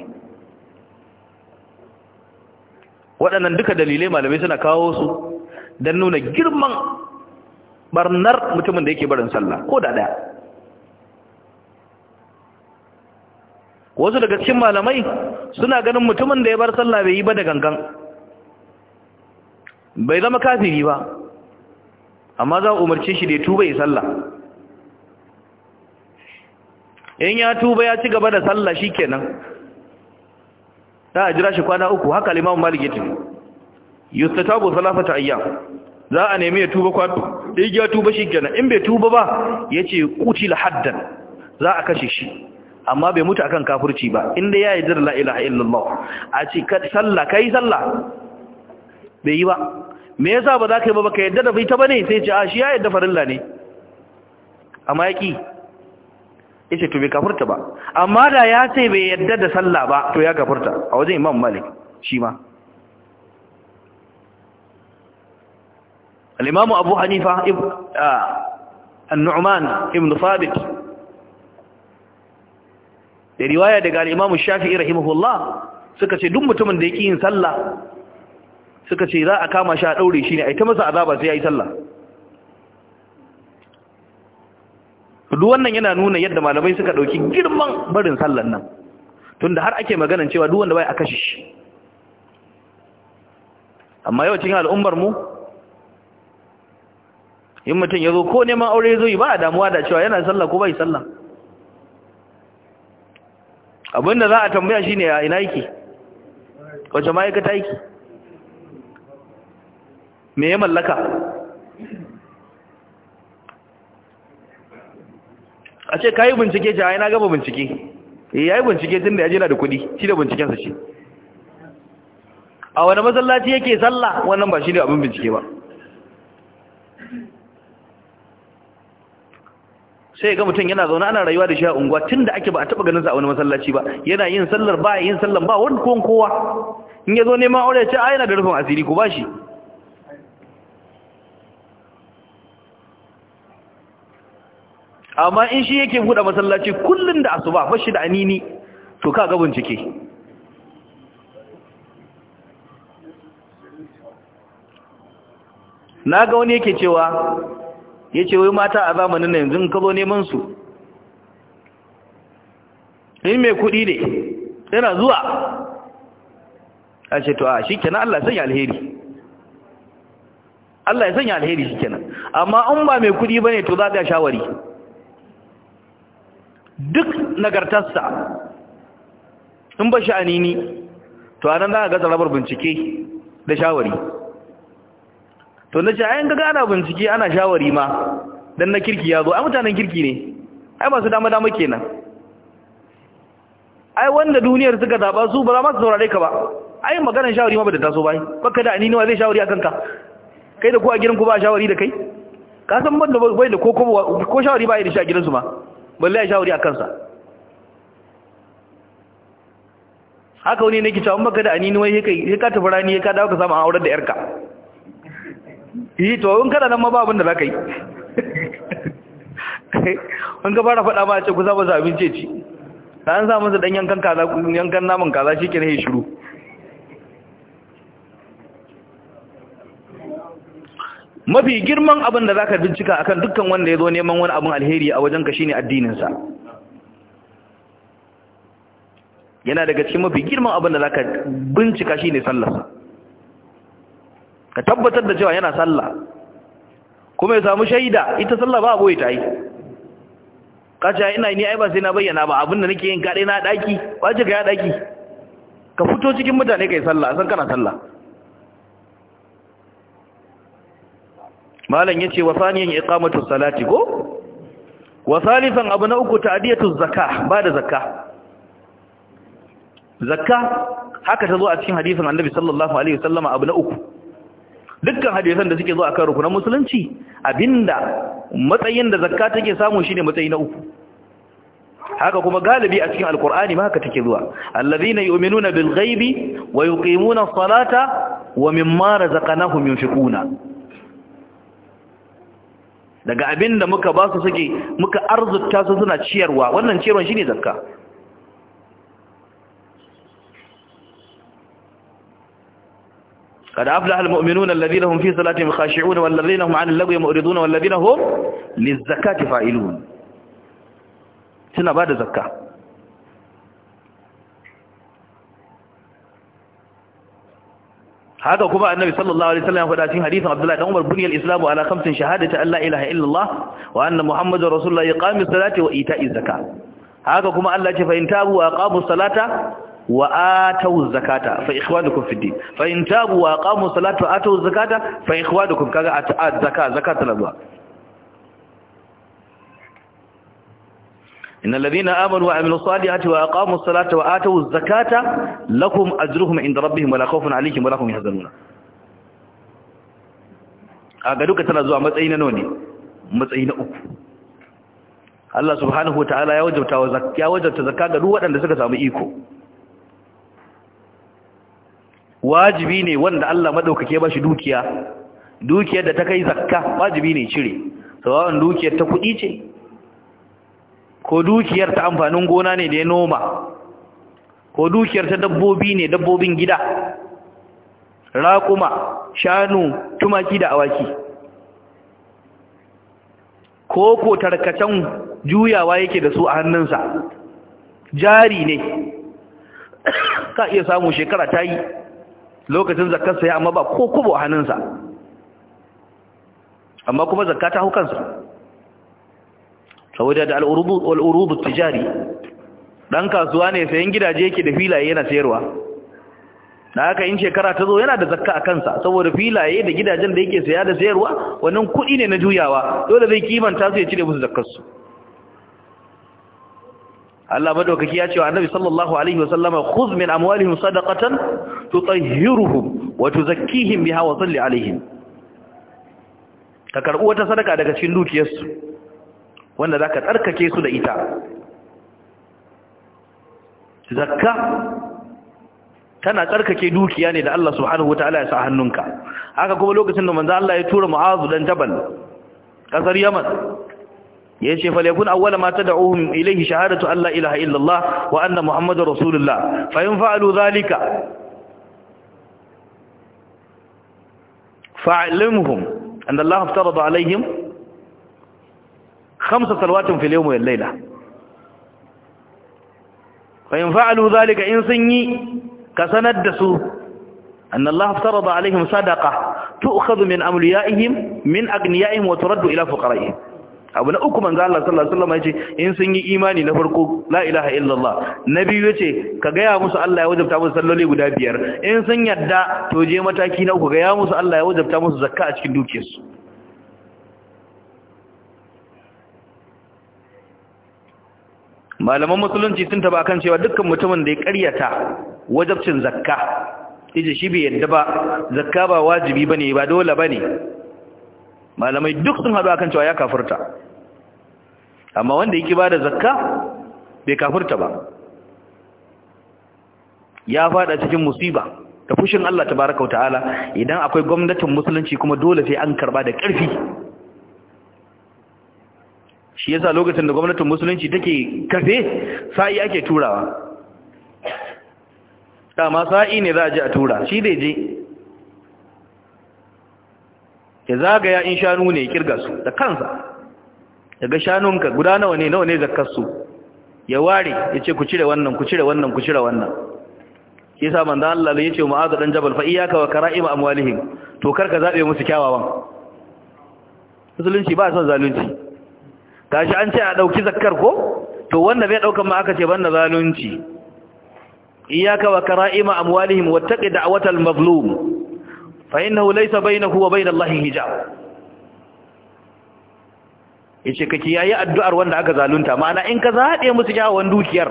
waɗannan duka dalilai malamai suna kawo su don nuna girman barnar mutumin da yake barin sallah ko da ɗaya wasu daga cikin malamai suna ganin mutumin da ya bar sallah bai yi ba da gangan bai zama kafiri ba amma za a umarce shi da ya tuba ya sallah in ya tuba ya ci gaba da sallah shi kenan za a jira shi kwana uku haka maligitin yusta ta bu yustatabu ta ayyam za a nemi ya tuba kwato da ya tuba shi kenan in bai tuba ba ya ce kuci haddan za a kashe shi amma bai mutu akan kafurci ba inda ya yi jir la a ce sallah yi sallah bai yi ba me yasa ba za ka yi ba baka yadda da ita bane sai ce a shi ya yadda farilla ne amma yaki yace to bai kafurta ba amma da ya ce bai yadda da sallah ba to ya kafurta a wajen Imam Malik shi ma al Abu Hanifa an-Nu'man ibn sabit da riwaya daga al-Imam Shafi'i rahimahullah suka ce duk mutumin da yake yin sallah suka ce za a kama shi a ɗaure shi ne a ta masa azaba sai ya yi sallah duk wannan yana nuna yadda malamai suka ɗauki girman barin sallan nan tunda har ake maganan cewa duk wanda bai a kashe shi amma yau cikin al'ummar mu in mutum ya zo ko neman aure zo yi ba a damuwa da cewa yana sallah ko bai sallah abinda za a tambaya shi ne a ina yake wace ma'aikata yake me ya mallaka a ce kayi bincike ce ai na gaba bincike eh, Ya yi bincike tunda ya jina da kudi shi da binciken sa shi a wani masallaci yake sallah wannan ba shi ne abin bincike ba sai ga mutum yana zaune ana rayuwa da shi a unguwa tunda ake ba a taba ganin sa a wani masallaci ba yana yin sallar ba yin sallan ba wani kowa in ya zo neman aure ya ce a yana da rufin asiri ku ba shi amma in shi yake buɗe masallaci kullum da asuba fashi da anini to ka ga bincike na ga wani yake cewa ya ce wai mata a zamanin na yanzu ka zo neman su in mai kuɗi ne yana zuwa a ce to a shi kenan Allah sanya alheri Allah ya sanya alheri shi kenan amma in ba mai kuɗi ba ne to za ka shawari duk nagartarsa in ba sha'ani ni to anan za a ga tsarabar bincike da shawari to na ce ayin ga ana bincike ana shawari ma don na kirki ya zo a mutanen kirki ne ai masu dama-dama kenan ai wanda duniyar suka zaɓa su ba za masu saurare ka ba ai maganar shawari ma ba da taso bai baka da anini wa zai shawari a kanka kai da ko a gidan ku ba shawari da kai ka san ban da bai da ko ko shawari ba yi da shi a gidansu ma balle ya shawari a kansa haka wani nake cewa baka da anini wai sai ka tafi rani ka dawo ka samu aurar da yarka yi to in kada nan ma ba abin da za ka yi in ka fara faɗa ma a ce kusa ba su abinci ci ta an sa masa ɗan yankan naman kaza shi ke na shiru mafi girman abin da za ka bincika akan dukkan wanda ya zo neman wani abin alheri a wajenka shine addininsa yana daga cikin mafi girman abin da za ka bincika shine sallarsa ka tabbatar da cewa yana sallah kuma ya samu shaida ita sallah ba boye ta yi kaca ina ni ai ba sai na bayyana ba abin da nake yin kaɗai na ɗaki ba ce ka ya ɗaki ka fito cikin mutane ka yi sallah san kana sallah malam yace wa saniyan iqamatu salati ko wa salisan abu na uku ta'diyatu zakah ba da zakah zakka haka ta zo a cikin hadisin annabi sallallahu alaihi wasallama abu na uku dukkan hadisan da suke zo akan rukunan musulunci abinda matsayin da zakka take samu shine matsayi na uku haka kuma galibi a cikin alkur'ani ma haka take zuwa allazina yu'minuna bil ghaibi wa yuqimuna as-salata wa mimma razaqnahum yunfiquna daga abin da muka basu suke muka arzuta suna ciyarwa wannan ciyarwa shi ne zarka kada afla al-mu'minuna alladhina fi salatihim khashi'un wal ladhina hum 'an al-lagwi mu'ridun wal ladhina hum liz-zakati fa'ilun suna ba da zakka haka kuma annabi sallallahu alaihi wasallam ya faɗa cikin hadisin Abdullahi dan Umar buniyal islamu ala khamsin shahada ta Allah, ilaha illallah wa anna muhammadar rasulullah iqamis salati wa ita'iz zakat haka kuma Allah ya ce fa in tabu wa aqamu salata wa atau zakata fa ikhwanukum fid din fa in tabu wa aqamu salata wa atau zakata fa ikhwanukum kaga ata'az zakata zakat talawa innal ladhina amanu wa amilus salihati wa aqamus salata wa atawuz zakata lakum ajruhum inda rabbihim wala khawfun alayhim wala hum yahzanun aga duka tana zuwa matsayi na none matsayi na uku Allah subhanahu wa ta'ala ya wajabta wa zakka ya wajabta ga duk waɗanda suka samu iko wajibi ne wanda Allah madaukake ba shi dukiya dukiyar da ta kai zakka wajibi ne cire dukiyar ta kuɗi ce ko dukiyar ta amfanin gona ne da ya noma ko dukiyar ta dabbobi ne dabbobin gida raƙuma shanu tumaki da awaki ko ko tarkacen juyawa yake da su a hannunsa jari ne ka iya samu shekara ta yi lokacin zakarsa ya amma ba ko kubo a hannunsa amma kuma zakka ta hukansa saboda da al'urubu tijari ɗan kasuwa ne sayan gidaje yake da filaye yana sayarwa da haka in shekara ta zo yana da zakka a kansa saboda filaye da gidajen da yake saya da sayarwa wannan kuɗi ne na juyawa dole zai kimanta su ya cire musu zakkarsu Allah madaukaki ya ce wa Annabi sallallahu alaihi wa sallama khudh min amwalihim sadaqatan tutahhiruhum wa tuzakkihim biha wa salli alaihim ka karbu wata sadaka daga cikin dukiyarsu wanda za ka tsarkake su da ita zakka tana tsarkake dukiya ne da Allah subhanahu wa ta'ala ya sa hannunka haka kuma lokacin da manzo Allah ya tura Mu'adh dan Jabal kasar Yaman yace fa yakun awwala ma tad'uhum ilayhi shahadatu an la ilaha illa Allah wa anna Muhammadar rasulullah fa in fa'alu dhalika fa'limhum anna Allah iftarada alaihim. khamsa salawatin fil yawmi wal layla fa in fa'alu zalika in sun yi ka sanar da su anna Allah farada alaihim sadaqa tu'khadhu min amliyaihim min agniyaihim wa turaddu ila fuqaraihim abu na uku manzo Allah sallallahu alaihi wasallam yace in sun yi imani na farko la ilaha illallah na biyu yace ka gaya musu Allah ya wajabta musu salloli guda biyar in sun yadda to je mataki na uku gaya musu Allah ya wajabta musu zakka a cikin dukiyarsu malaman musulunci sun taba kan cewa dukkan mutumin da ya karyata wajabcin zakka ije shi bai yadda ba zakka ba wajibi bane ba dole bane malamai duk sun hadu akan cewa ya kafurta, amma wanda yake bada zakka bai kafurta ba ya fada cikin musiba ta fushin Allah wa ta'ala idan akwai gwamnatin musulunci kuma dole sai an karba da ƙarfi shi yasa lokacin da gwamnatin musulunci take kafe sa'i ake turawa dama sa'i ne za a ji a tura shi zai je ya zagaya in shanu ne ya kirga su da kansa daga shanunka guda nawa ne nawa ne zakarsu ya ware ya ce ku cire wannan ku cire wannan ku cire wannan shi yasa manzo Allah ya ce mu'azu dan jabal fa iyyaka wa kara'im amwalihim to karka zabe musu kyawawan musulunci ba son zalunci gashi an ce a ɗauki zakar ko to wanda bai ɗaukan ma aka ce banda zalunci iyaka wa kara'ima amwalihim wattaqi da'watal mazlum fa innahu laysa bainahu wa bain Allah hijab yace kake yayi addu'ar wanda aka zalunta ma'ana in ka zade musu jawawan dukiyar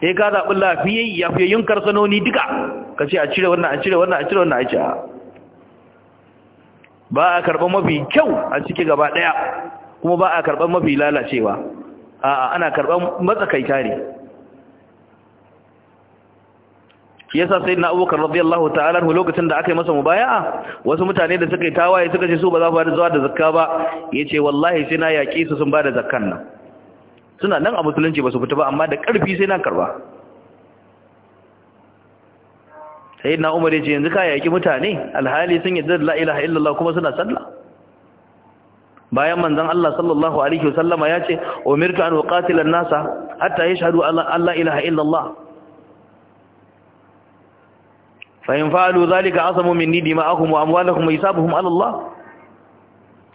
sai ka zaɓi fiye yin karsanoni duka ka ce a cire wannan a cire wannan a cire wannan a ce ba a karɓar mafi kyau a ciki gaba ɗaya kuma ba a karɓar mafi lalacewa a'a ana karɓar matsakaita ne yasa sai na abokan radiyallahu ta'ala hu lokacin da aka yi masa mubaya'a wasu mutane da suka yi tawaye suka ce su ba za su bada zuwa da zakka ba Ya ce wallahi sai na yaƙi su sun bada zakkan nan suna nan a musulunci ba su fita ba amma da ƙarfi sai na karba sai na umar ce yanzu ka yaƙi mutane alhali sun yi zai la'ila illallah kuma suna sallah bayan manzon Allah sallallahu alaihi wasallama ya ce umirtu an uqatila an-nasa hatta yashhadu an la ilaha illa Allah fa in fa'alu dhalika asamu minni dima'ahum wa amwalahum wa hisabuhum 'ala Allah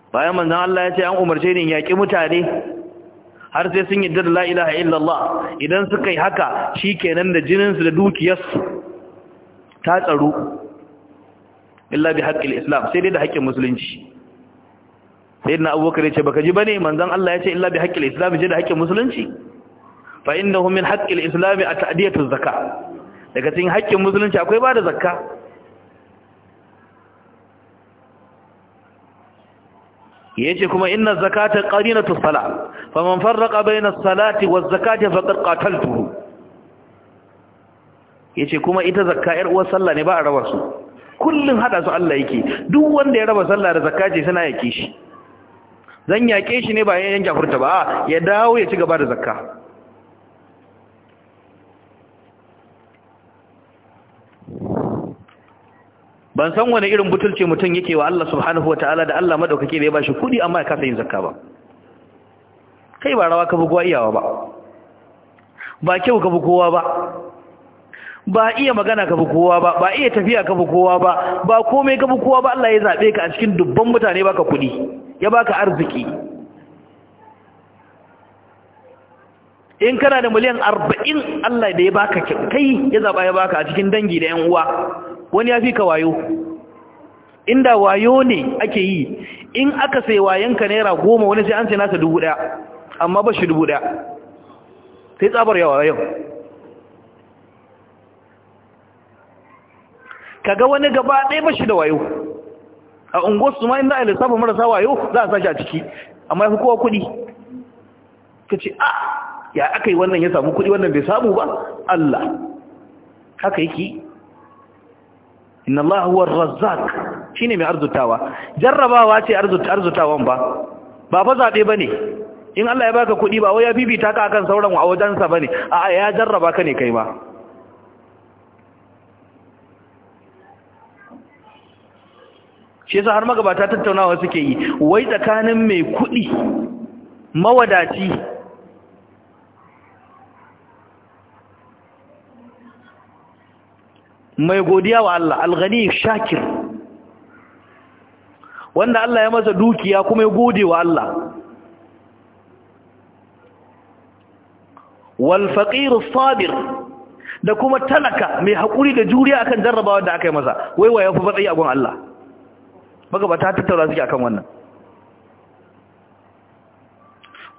bayan manzon Allah ya ce an umarce ni yaki mutane har sai sun yadda da la ilaha Allah, idan suka yi haka shi kenan da jininsu da dukiyarsu ta tsaro illa bi haƙƙin islam sai dai da haƙƙin musulunci sayyidina abubakar ya ce baka ji bane manzon Allah ya ce illa bi haqqil islam je da haƙƙin musulunci fa innahu min haqqil islam at-ta'diyatu zakka daga cikin haƙƙin musulunci akwai bada zakka yace kuma inna zakata qarinatu salat faman farraqa bayna as-salati waz-zakati faqad qataltuhu yace kuma ita zakka yar uwar sallah ne ba a rawar su kullun hada su Allah yake duk wanda ya raba sallah da zakka ce suna yake shi zan yaƙe shi ne bayan ya yanke furta ba ya dawo ya ci gaba da zakka ban san wani irin butulce mutum yake wa Allah subhanahu wataala da Allah maɗaukake da ya shi kudi amma ya kasa yin zakka ba kai ba rawa ka bi kowa iyawa ba ba kyau ka bi kowa ba ba iya magana ka bi kowa ba ba iya tafiya ka bi kowa ba ba komai ka bi kowa ba Allah ya zabe ka a cikin dubban mutane baka kudi ya baka arziki in kana da miliyan arba'in Allah da ya baka kai ya zaba ya baka a cikin dangi da yan uwa wani ya fi ka wayo inda wayo ne ake yi in aka sai wayanka naira goma wani sai an sai nasa dubu daya amma ba shi dubu daya sai tsabar yawa yau kaga wani gaba ɗaya ba shi da wayo a unguwarsu ma inda a lissafa marasa wayo za a sashi a ciki amma ya fi kowa kuɗi ka ce a ah, ya aka yi wannan ya samu kuɗi wannan bai samu ba Allah haka yake inna Allah huwa Shi ne mai arzutawa jarrabawa ce arzutawan ba ba fa ba ne. in Allah ya baka kuɗi ba wai ya bibita ka akan sauran a wajensa ne. a'a ya jarraba ka ne kai ma shi yasa har magabata tattaunawa suke yi wai tsakanin mai kuɗi mawadaci mai godiya wa Allah alghani shakir wanda Allah ya masa dukiya kuma ya gode wa Allah wal faqir sabir da kuma talaka mai hakuri da juriya akan jarrabawa da aka yi masa wai wa fi matsayi a gun Allah magabata tattaura suke akan wannan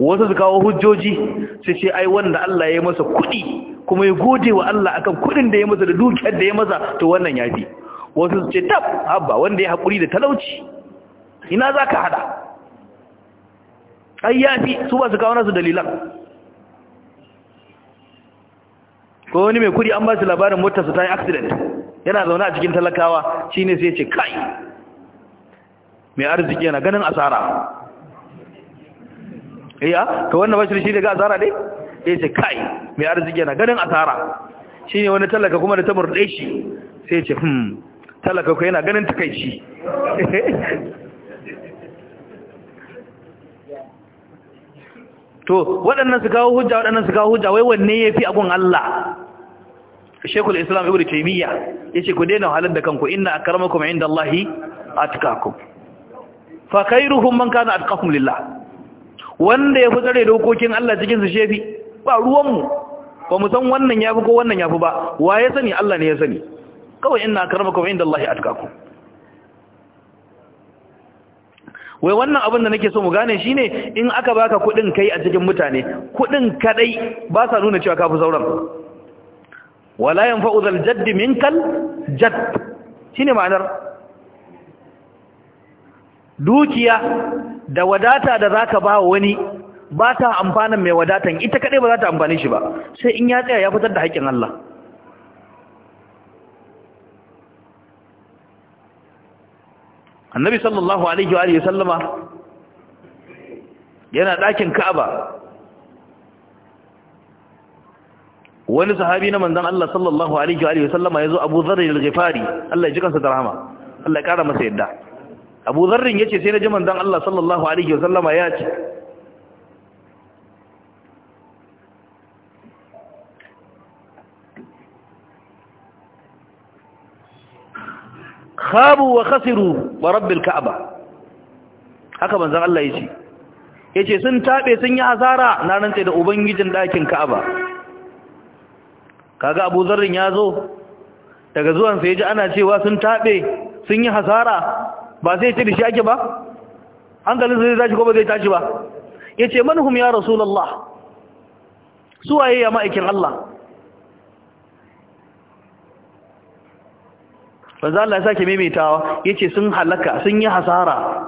wasu su kawo hujjoji sai ce ai wanda Allah ya masa kuɗi kuma ya gode wa Allah akan kuɗin da ya masa da dukiyar da ya masa to wannan ya fi wasu su ce tab abba, wanda ya hakuri da talauci ina za ka haɗa ai ya fi su ba su kawo nasu dalilan ko wani mai kuɗi an ba su labarin motarsa ta yi accident yana zaune a cikin talakawa shine sai ce kai mai arziki yana ganin asara iya ka wannan bashir shi daga asara dai ya eh, ce kai mai arziki yana ganin asara shi ne wani talaka kuma da ta murɗe shi sai ce hmm talaka ku yana ganin shi to waɗannan su kawo hujja waɗannan su kawo hujja wai wanne ya fi abin Allah shekul islam ibn taimiyya ya ce ku daina halar da kanku inna akaramakum inda Allahi atkakum fa man kana atqakum lillah wanda ya fi tsare dokokin Allah cikin su shefi ba ruwanmu ba mu san wannan yafi ko wannan yafi ba wa ya sani Allah ne ya sani kawai inna inda Allah atqakum wai wannan abin da nake so mu gane shine in aka baka kudin kai a cikin mutane kudin kadai ba sa nuna cewa kafi sauran wala yanfa'u zal jadd minkal jadd shine ma'anar dukiya da wadata da zaka ba wani ba ta amfanin mai wadatan ita kadai ba za ta amfani shi ba sai in ya tsaya ya fitar da haƙƙin Allah annabi sallallahu alaihi wa alihi sallama yana ɗakin Ka'aba wani sahabi na manzon Allah sallallahu alaihi wa alihi sallama yazo Abu Dharr al-Ghifari Allah ya ji kansa da rahama Allah ya kara masa yadda abu zarrin ya ce sai na ji manzan Allah sallallahu Alaihi wasallama ya ce khabu wa khasiru wa rabbil ka'aba haka banzan Allah ya ce ya ce sun taɓe sun yi hasara na rantse da ubangijin ɗakin ka'aba kaga abu zarrin ya zo daga zuwansa ya ji ana cewa sun taɓe sun yi hasara ba zai ce da shi ake ba hankalin zai tashi ko ba zai tashi ba ya ce manhum ya rasulallah suwaye ya ma'aikin Allah banza Allah ya sake maimaitawa ya ce sun halaka sun yi hasara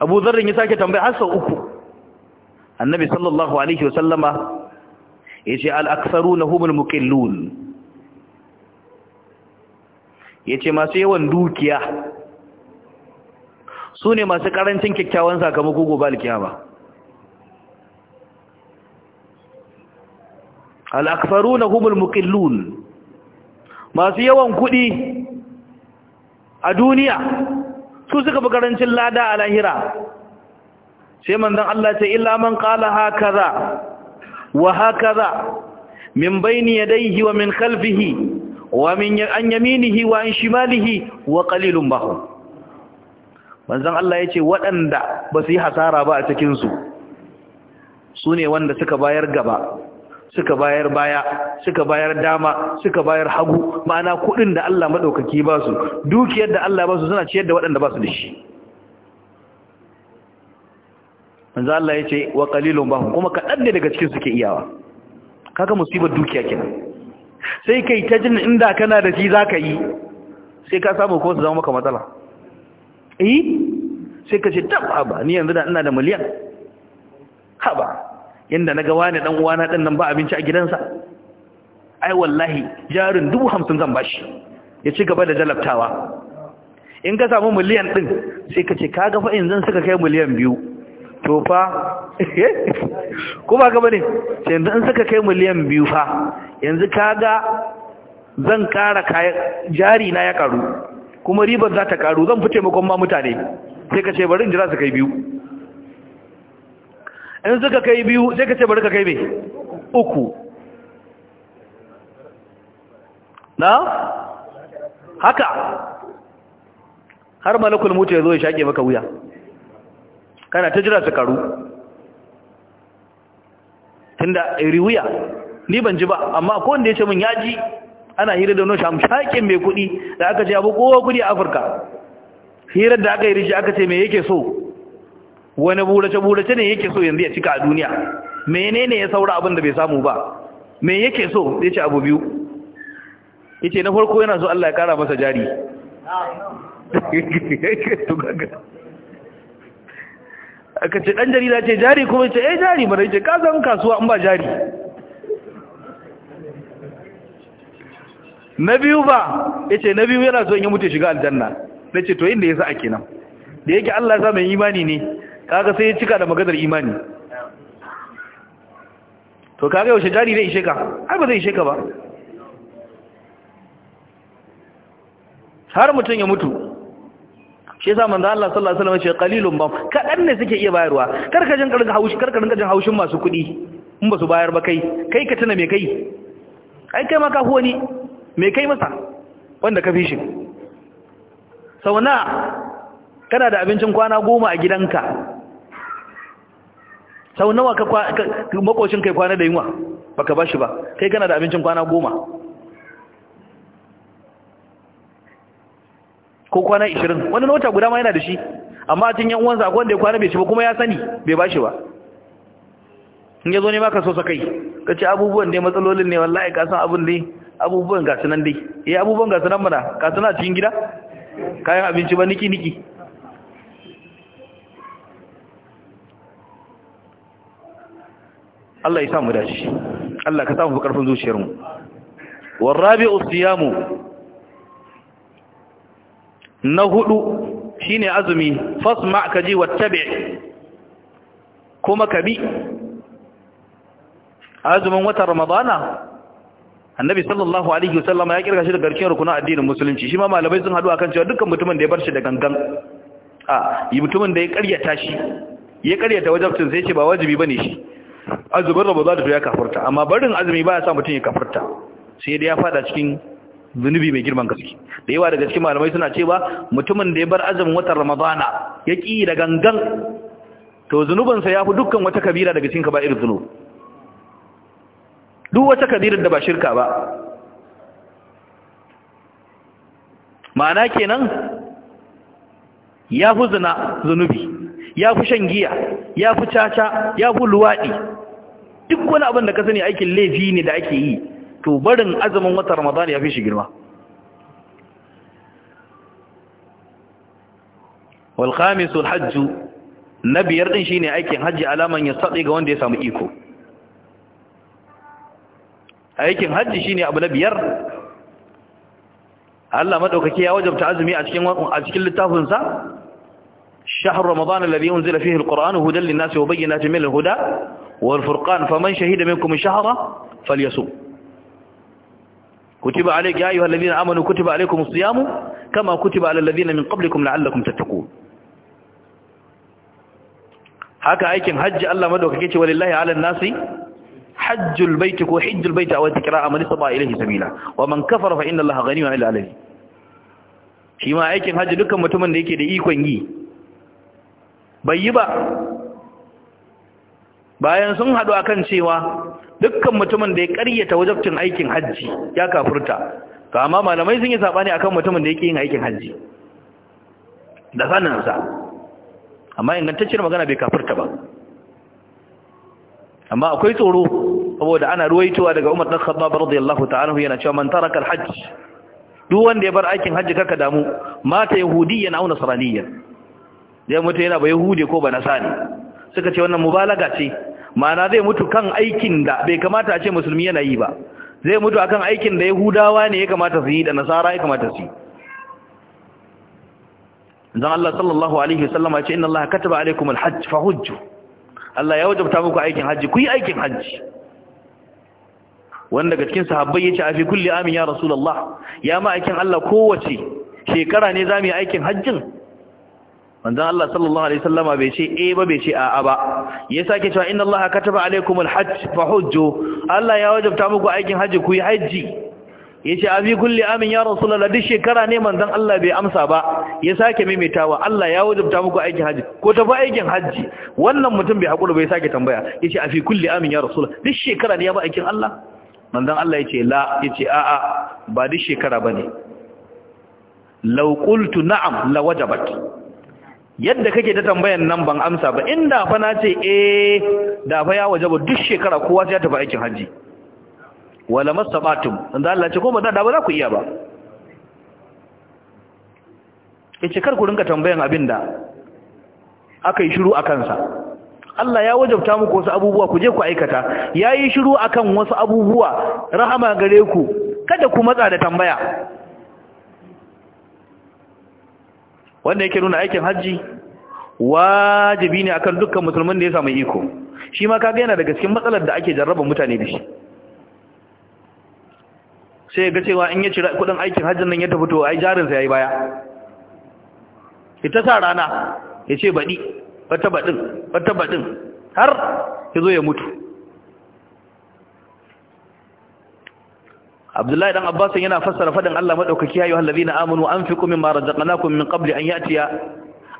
abu zarin ya sake tambaya har sau uku annabi sallallahu alaihi wasallama ya ce al'aksaru na humul muƙillun ya ce masu yawan dukiya su ne masu karancin kyakkyawan sakamako gobe alkiyama al'akfaru na humul mukillun masu yawan kuɗi a duniya su suka fi karancin lada a lahira sai manzan Allah ce illa man ƙala haka za wa haka za min ya daihi wa min kalfihi wa min an yaminihi wa an shimalihi wa qalilun bahu manzon Allah yace waɗanda ba su yi hasara ba a cikin su sune wanda suka bayar gaba suka bayar baya suka bayar dama suka bayar hagu ma'ana kudin da Allah madaukaki ba su dukiyar da Allah ba su suna ciyar da waɗanda ba su da shi manzo Allah yace wa qalilun bahum kuma kadan ne daga cikin suke iyawa kaga musibar dukiya kenan sai kai ta jin inda kana da shi za ka yi sai ka samu ko su zama maka matsala eh sai ka ce taba ba ni yanzu da ina da miliyan haba yanda na gawa wani dan uwana din nan ba abinci a gidansa ai wallahi jarin dubu hamsin zan bashi ya ci gaba da jalabtawa in ka samu miliyan din sai ka ce kaga fa yanzu suka kai miliyan biyu to fa ko ba gaba ne sai yanzu in suka kai miliyan biyu fa yanzu kaga zan kara jari na ya karu kuma ribar za ta karu zan fi taimakon ma mutane sai ka ce bari in jira su kai biyu in suka kai biyu sai ka ce bari ka kai mai uku na haka har malakul mutu ya zo ya shaƙe maka wuya kana ta jira su karu tunda iri eh, wuya ni ban ji ba amma ko wanda ya ce min ya ji ana hira da wani shaƙin mai kuɗi da aka ce abu kowa kuɗi a afirka hirar da aka yi rishi aka ce me yake so wani burace-burace ne yake so yanzu ya cika a duniya menene ya saura abin da bai samu ba me yake so ya ce abu biyu ya ce na farko yana so Allah ya kara masa jari aka ce ɗan jarida ce jari kuma ya ce eh jari mara da ya ce kasan kasuwa in ba jari na biyu ba ya ce na biyu yana son ya mutu shiga aljanna na ce to inda ya sa a kenan da yake Allah sa mai imani ne kaga sai ya cika da maganar imani to kaga yaushe jari zai ishe ka ai ba zai ishe ka ba har mutum ya mutu shi yasa manzo Allah sallallahu alaihi wasallam ya ce qalilun ba kadan ne suke iya bayarwa karka jin haushi haushin masu kuɗi in ba su bayar ba kai kai ka tuna me kai ai kai ma ka huwa ne Mai kai masa wanda ka fi shi sau na kana da abincin kwana goma a gidanka sau nawa ka makocin kai kwana da yunwa baka ba shi ba kai kana da abincin kwana goma ko kwana ishirin wani nauta guda ma yana da shi amma a yan uwansa akwai wanda ya kwana bai shi ba kuma ya sani bai ba shi ba in ya zo ne maka so sa kai ka ce abubuwan ne matsalolin ne wallahi ka san abin ne abubuwan gasu nan dai eh abubuwan gasu nan mana gasu na cikin gida kayan abinci ba niki niki Allah ya samu dashi Allah ka samu karfin zuciyarmu warabi'u siyamu na hudu shine azumi fasma kaji wattabi kuma kabi azumin watan ramadana annabi sallallahu alaihi wasallam ya kirga shi da garkin rukunin addinin musulunci shi ma malamai sun hadu akan cewa dukkan mutumin da ya bar shi da gangan a yi mutumin da ya karyata shi ya karyata wajabcin sai ce ba wajibi bane shi azumin ramadan to ya kafurta amma barin azumi ba ya sa mutum ya kafurta sai dai ya fada cikin zunubi mai girman gaske da yawa daga cikin malamai suna cewa mutumin da ya bar azumin watan ramadana ya ki da gangan to zunubinsa ya fi dukkan wata kabira daga cikin kaba'ir zunubi duk wata kabirar da ba shirka ba ma'ana kenan ya fi zina zunubi ya fi shan giya ya fi caca ya fi luwaɗi duk wani abin da ka sani aikin laifi ne da ake yi to barin azumin wata ramadan ya fi shi girma walhamisul hajju na biyar din shine aikin hajji alaman ya saɗi ga wanda ya samu iko aikin hajji shine abu na biyar Allah madaukake ya wajabta azumi a cikin a cikin littafin sa shahr ramadan alladhi unzila fihi alquran hudan lin-nasi wa bayyinatin min al-huda wal furqan faman shahida minkum ash-shahra falyasum kutiba alayka ya ayyuhalladhina amanu kutiba alaykumus siyamu kama kutiba alal ladina min qablikum la'allakum tattaqun haka aikin hajji Allah madaukake ce walillahi 'alan nasi hajjul البيت ko hijjul baiti a wata kira amal saba ilahi sabila wa man kafara fa inna allaha ghaniyun 'anil alamin shi ma aikin hajji dukkan mutumin da da ikon yi bai yi ba bayan sun hadu akan cewa dukkan mutumin da ya ƙaryata wajabcin aikin hajji ya kafurta to amma malamai sun yi sabani akan mutumin da yake yin aikin hajji da amma ingantacciyar magana bai kafurta ba amma akwai tsoro saboda ana ruwaitowa daga Umar dan Khattab radiyallahu ta'ala yana cewa man taraka al-hajj duk wanda ya bar aikin hajji kaka damu mata yahudiyyan aw nasraniyya dai mutu yana ba yahudi ko ba nasani suka ce wannan mubalaga ce ma'ana zai mutu kan aikin da bai kamata a ce musulmi yana yi ba zai mutu akan aikin da yahudawa ne ya kamata su yi da nasara ya kamata su yi dan Allah sallallahu alaihi wasallam ya ce inna Allah kataba alaikum al-hajj hujju. Allah ya wajabta muku aikin hajji ku yi aikin hajji wanda daga cikin sahabbai ce a fi kulli amin ya rasulullah ya ma aikin Allah kowace shekara ne za mu yi aikin hajjin manzon Allah sallallahu alaihi sallama bai ce e ba bai ce a'a ba ya sake cewa inna Allah kataba alaikumul hajj fa hujju Allah ya wajabta muku aikin hajji ku yi hajji Ya ce abi kulle amin ya rasulullah duk shekara ne manzon Allah bai amsa ba ya sake maimaitawa Allah ya wajabta muku aikin haji ko tafi aikin haji wannan mutum bai hakura bai sake tambaya ya ce afi kulle amin ya rasulullah duk shekara ne ya ba aikin Allah manzon Allah ce la ya ce a'a ba duk shekara bane law qultu na'am la wajabat yadda kake ta tambayan nan ban amsa ba inda fa na ce eh da fa ya wajaba duk shekara kowa sai ya tafi aikin haji wala masabatum inda Allah ce ko ba da ba za ku iya ba ce kar ku rinka tambayan abin da aka yi shiru akan sa Allah ya wajabta muku wasu abubuwa ku je ku aikata yayi shiru akan wasu abubuwa rahama gare ku kada ku matsa da tambaya wanda yake nuna aikin hajji wajibi ne akan dukkan musulman da ya samu iko shi ma kaga yana daga cikin matsalar da ake jarraba mutane da shi sai ga cewa in ya cira kudin aikin hajjin nan ya tafi to ai jarinsa ya yi baya ita sa rana ya ce baɗi wata baɗin wata baɗin har ya zo ya mutu abdullahi dan abbas yana fassara fadin Allah madaukaki ayu allazina amanu anfiqu mimma razaqnakum min qabli an yatiya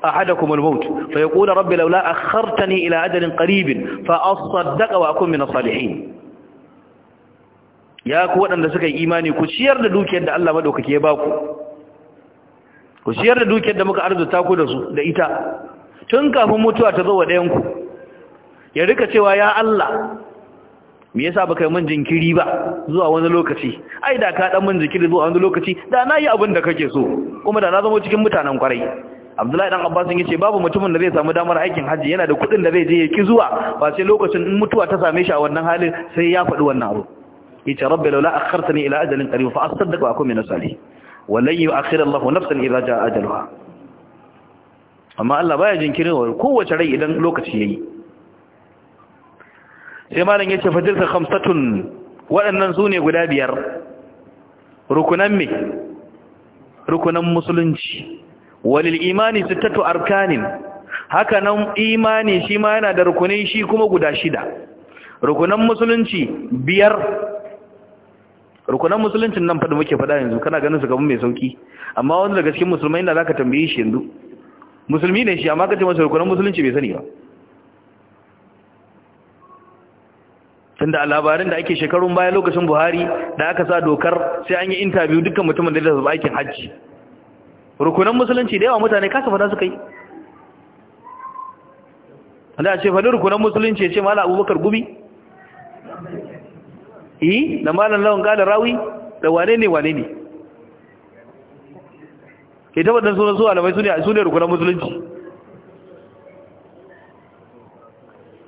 ahadakum al-maut fa yaqulu rabbi laula akhartani ila ajalin qarib fa asaddaq wa akun min as-salihin ya ku waɗanda suka yi imani ku ciyar da dukiyar da Allah madaukake ya baku ku ciyar da dukiyar da muka arzuta ku da su da ita tun kafin mutuwa ta zo wa ɗayanku ya rika cewa ya Allah me yasa baka yi min jinkiri ba zuwa wani lokaci ai da ka dan min jinkiri zuwa wani lokaci da na yi abin da kake so kuma da na zama cikin mutanen kwarai Abdullahi dan Abbas yace babu mutumin da zai samu damar aikin haji yana da kuɗin da zai je ya ki zuwa ba sai lokacin in mutuwa ta same shi a wannan halin sai ya faɗi wannan abu yace rabbi laula akhartani ila ajalin qarib fa asaddaq wa akun min as-salihin wa lan yu'akhir Allahu nafsan idha jaa ajaluha amma Allah baya jinkirin kowace rai idan lokaci yayi sai malam yace fatilka khamsatun waɗannan su ne guda biyar rukunan me rukunan musulunci walil imani sittatu arkanin haka nan imani shi ma yana da rukunai shi kuma guda shida rukunan musulunci biyar rukunan musuluncin nan faɗi muke faɗa yanzu kana ganin su gaban mai sauki amma wani daga cikin musulmai da zaka tambaye shi yanzu musulmi ne shi amma kace masa rukunan musulunci bai sani ba tunda a labarin da ake shekarun baya lokacin Buhari da aka sa dokar sai an yi interview dukkan mutumin da zai aikin hajji rukunan musulunci da yawa mutane kasa fada suka yi Allah ya ce fa rukunan musulunci ya ce mala Abubakar Gubi eh da malam lawan gada rawi da wane ne wane ne ke tabbatar sunan su alamai su ne rukunan musulunci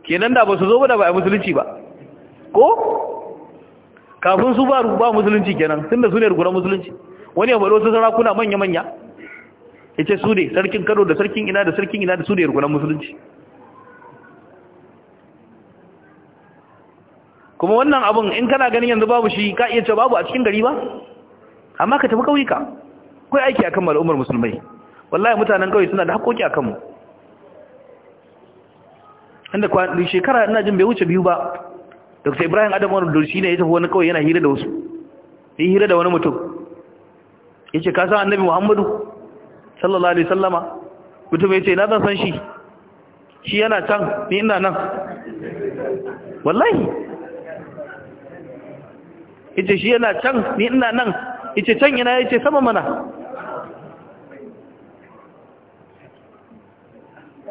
kenan da ba su zo ba da ba a musulunci ba ko kafin su ba ba musulunci kenan tunda su ne rukunan musulunci wani ya faɗo su kuna manya-manya ya ce su ne sarkin kano da sarkin ina da sarkin ina da su ne rukunan musulunci kuma wannan abun in kana ganin yanzu babu shi ka iya cewa babu a cikin gari ba amma ka tafi kauyuka akwai aiki akan al'ummar musulmai wallahi mutanen kauye suna da haƙoƙi akan mu inda kwanan shekara ina jin bai wuce biyu ba dr ibrahim adam wani shi ne ya tafi wani kauye yana hira da wasu ya hira da wani mutum ya ce ka san annabi muhammadu sallallahu alaihi sallama mutum ya ce na zan san shi shi yana can ni ina nan wallahi ita shi yana can ni ina nan ita can ina yace sama mana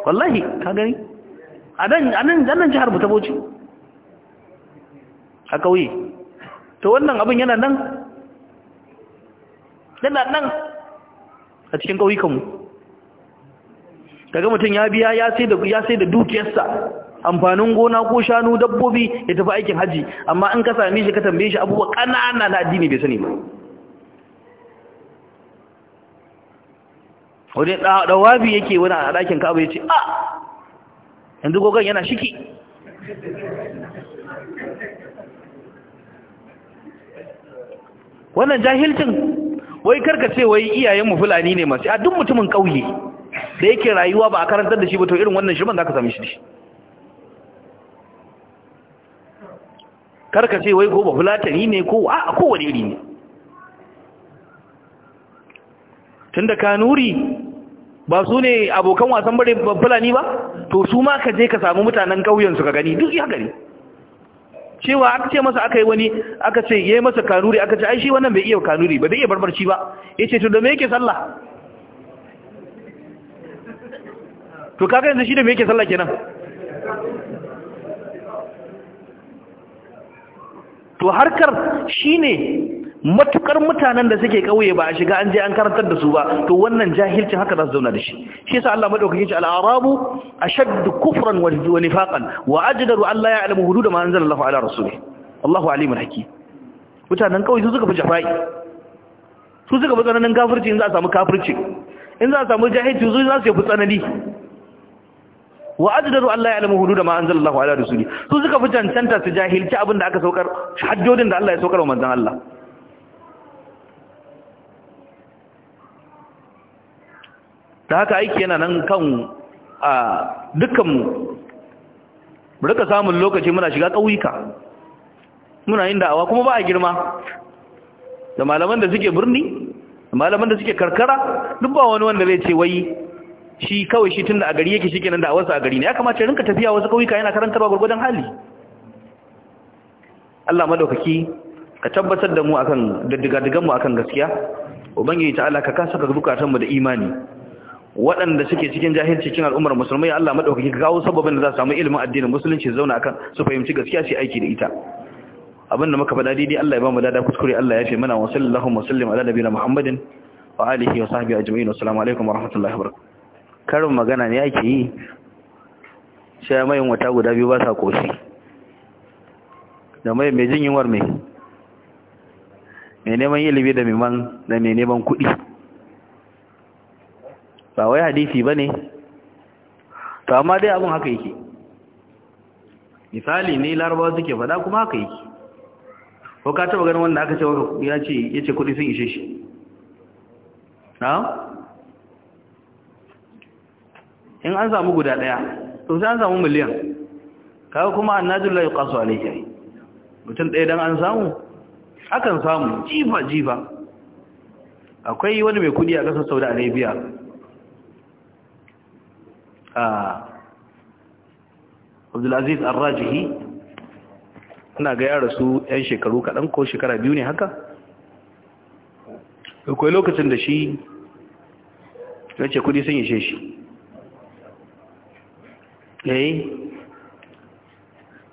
wallahi ka gani a nan nan jihar mu ta boci a kauye to wannan abin yana nan yana nan a cikin kauyukan mu kaga mutum ya biya ya sai da ya sai da dukiyarsa amfanin gona ko shanu dabbobi ya tafi aikin haji amma in ka same shi ka tambaye shi abubuwa ƙanana na addini bai sani ba wani ɗawabi yake wani a ɗakin ka'aba ya ce a ah! yanzu gogon yana shiki wannan jahilcin wai karkace wai iyayenmu fulani ne masu a duk mutumin ƙauye da yake rayuwa ba a karantar da shi ba to irin wannan shirman za ka sami shi karka ce wai ko ba fulatani ne ko a kowane iri ne tunda kanuri ba su ne abokan wasan bare fulani ba to su ma ka je ka samu mutanen ƙauyen su ka gani duk ya gani cewa aka ce masa aka yi wani aka ce yi masa kanuri aka ce ai shi wannan bai iya kanuri ba dai iya barbarci ba Ya ce to da me yake sallah to kaka yanzu shi da me yake sallah kenan to harkar shine matukar mutanen da suke kauye ba a shiga an je an karantar da su ba to wannan jahilcin haka za su zauna da shi shi yasa Allah madaukake shi al-arabu ashaddu kufran wa nifaqan wa ajdaru an la ya'lamu hudud ma anzalallahu ala rasulih Allahu alimul hakim mutanen kauye su suka fi jafai su suka fi tsananin kafirci in za a samu kafirci in za a samu jahilci su za su fi tsanani wa ajdaru Allah ya alamu hududa ma anzalallahu ala rasuli su suka fi cancanta su jahilci abinda aka saukar haddodin da Allah ya saukar wa manzon Allah da haka aiki yana nan kan a dukkan mu mu rika samun lokaci muna shiga kauyuka muna yin da'awa kuma ba a girma da malaman da suke birni da malaman da suke karkara duk ba wani wanda zai ce wai shi kawai shi tun da a gari yake shi kenan da a wasu a gari ne ya kamata rinka tafiya wasu kauyuka yana karantarwa gwargwadon hali Allah madaukaki ka tabbatar da mu akan daddiga mu akan gaskiya ubangiji ta'ala ka kasa ka zukatan mu da imani waɗanda suke cikin jahilci cikin al'ummar musulmai Allah madaukaki ka kawo sababin da za su samu ilimin addinin musulunci zauna akan su fahimci gaskiya su aiki da ita Abin da muka faɗa daidai Allah ya ba mu dada kuskure Allah ya fi mana wa sallallahu wa sallim ala nabiyina Muhammadin wa alihi wa sahbihi ajma'in wa assalamu alaikum wa rahmatullahi wa barakatuh karin magana ne ake yi Sai mai wata guda biyu ba sa koshi da mai mai jin yiwuwar mai neman ilimi da mai neman kuɗi ba wai hadisi ba ne to amma dai abin haka yake misali ne larabawa suke faɗa kuma haka yake ko ka taɓa ganin wanda aka ce ya ce kuɗi sun ishe shi na? in an samu guda ɗaya, to sai an samu miliyan Kawai kuma annajin la yuqasu alayhi mutum ɗaya dan an samu akan samu jifa jifa akwai wani mai kudi a ƙasar Saudi Arabia a Abdulaziz Ar-Rajihi ina ga yara su yan shekaru kaɗan ko shekara biyu ne haka akwai lokacin da shi ya ce kudi sun yi shi eh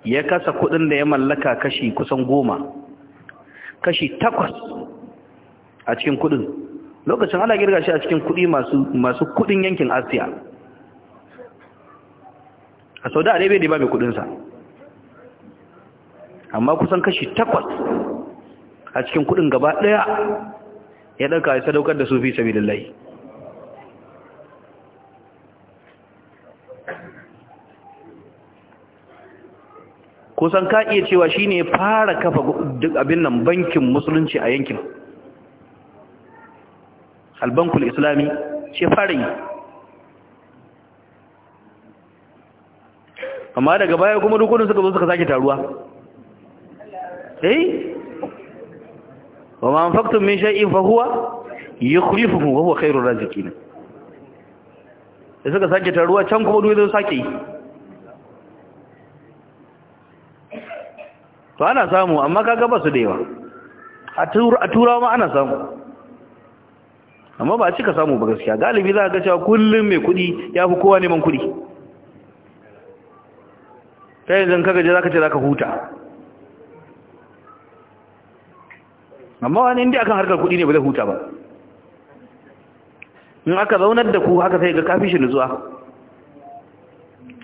ya kasa kudin da ya mallaka kashi kusan goma kashi takwas a cikin kudin lokacin ana girga shi a cikin kudi masu kudin yankin asiya a sau da daibai da ba mai kudinsa amma kusan kashi takwas a cikin kudin gaba daya ya ɗauka ya sadaukar da su fi sabi lallai kusan ka iya cewa shi ya fara kafa duk abin nan bankin musulunci a yankin albankul islami ce fara yi amma daga baya kuma dukkanin suka zo suka sake taruwa eh wa ma anfaqtum min shay'in fa huwa yukhlifuhu wa huwa khairur raziqin suka sake taruwa can kuma duk zai sake yi to ana samu amma kaga ba su da yawa a turawa ma ana samu amma ba a cika samu ba gaskiya galibi za a ga cewa kullum mai kuɗi ya fi kowa neman kuɗi ta yanzu kaga je za ka ce za ka huta amma wani inda akan harkar kuɗi ne ba zai huta ba in aka zaunar da ku haka sai ga kafishin shi nutsuwa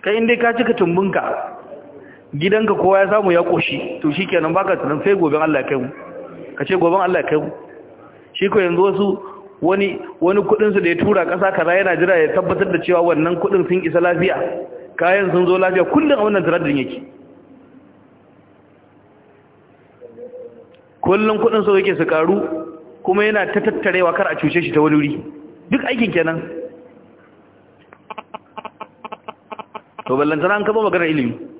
kai inda ka cika tumbinka gidanka kowa ya samu ya koshi to shikenan baka tunan sai goben Allah ya kai mu ce goben Allah ya kai mu shi ko yanzu wasu wani wani kudin su da ya tura kasa kaza yana jira ya tabbatar da cewa wannan kudin sun isa lafiya kayan sun zo lafiya kullun a wannan taradin yake kullun kudin su yake su karu kuma yana ta tattarewa kar a cuce shi ta wani wuri duk aikin kenan to ballantana an kaba maganar ilimi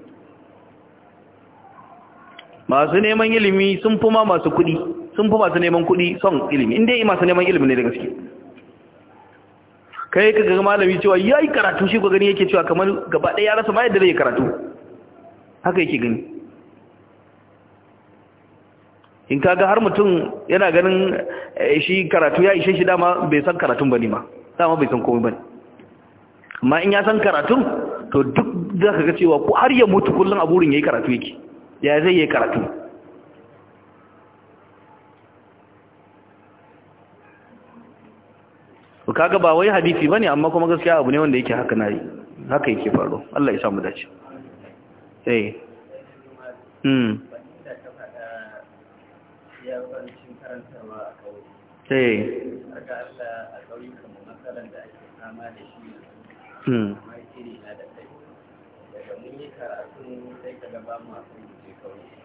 masu neman ilimi sun fi ma masu kuɗi sun fi masu neman kuɗi son ilimi inda yi masu neman ilimi ne da gaske kai ka ga malami cewa ya yi karatu shi gani yake cewa kamar gaba ɗaya ya rasa ma yadda zai karatu haka yake gani in kaga har mutum yana ganin eh, shi karatu ya ishe shi dama bai san karatun ba ne ma dama bai san komai ba ne amma in ya san karatun to duk za ka ga cewa ko har ya mutu kullum a burin ya yi karatu yake ya zai yi karatu kaga ba wai hadisi bane amma kuma gaskiya abu ne wanda yake haka nayi haka yake faru Allah ya sa mu dace eh hmm eh. hmm, hmm.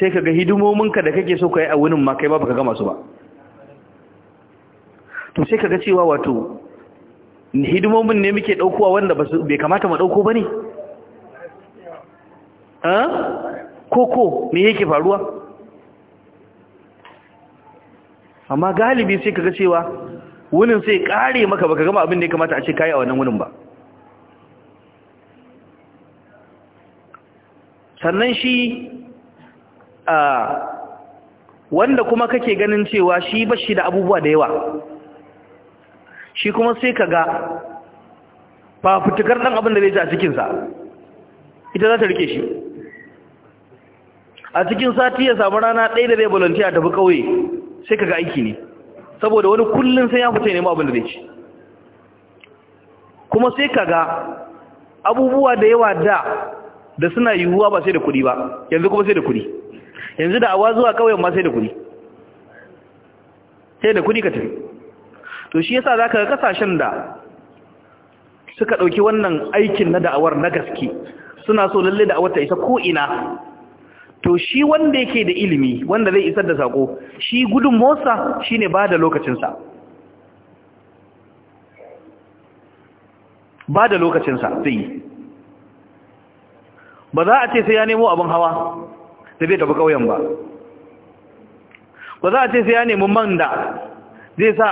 sai ka ga hidimominka da kake so ka yi a wunin ma kai ba baka gama su ba to sai ka ga cewa wato hidimomin ne muke ɗaukowa wanda bai kamata mu ɗauko ba ne koko me yake faruwa amma galibi sai ka ga cewa wunin sai kare maka baka gama abin da ya kamata a ce kayi a wannan wunin ba sannan shi wanda kuma kake ganin cewa shi ba shi da abubuwa da yawa shi kuma sai ka ga fafutukar ɗan abin da zai ci a cikinsa ita za ta rike shi a cikin sati ya samu rana ɗaya da zai volunteer tafi ƙauye sai ka ga aiki ne saboda wani kullum sai ya fita nemo abin da zai ci kuma sai ka ga abubuwa da yawa da da suna yiwuwa ba sai da kuɗi ba yanzu kuma sai da kuɗi yanzu da awa zuwa kauyen ma sai da kudi sai da kudi ka tafi to shi yasa zaka ga kasashen da suka dauki wannan aikin na da'awar na gaske suna so lalle da'awar ta isa ko ina to shi wanda yake da ilimi wanda zai isar da sako shi gudun motsa shine ba da lokacinsa ba da lokacinsa zai yi ba za a ce sai ya nemo abin hawa Ta bai tafi ƙauyen ba ba za a ce sai ya nemi man da zai sa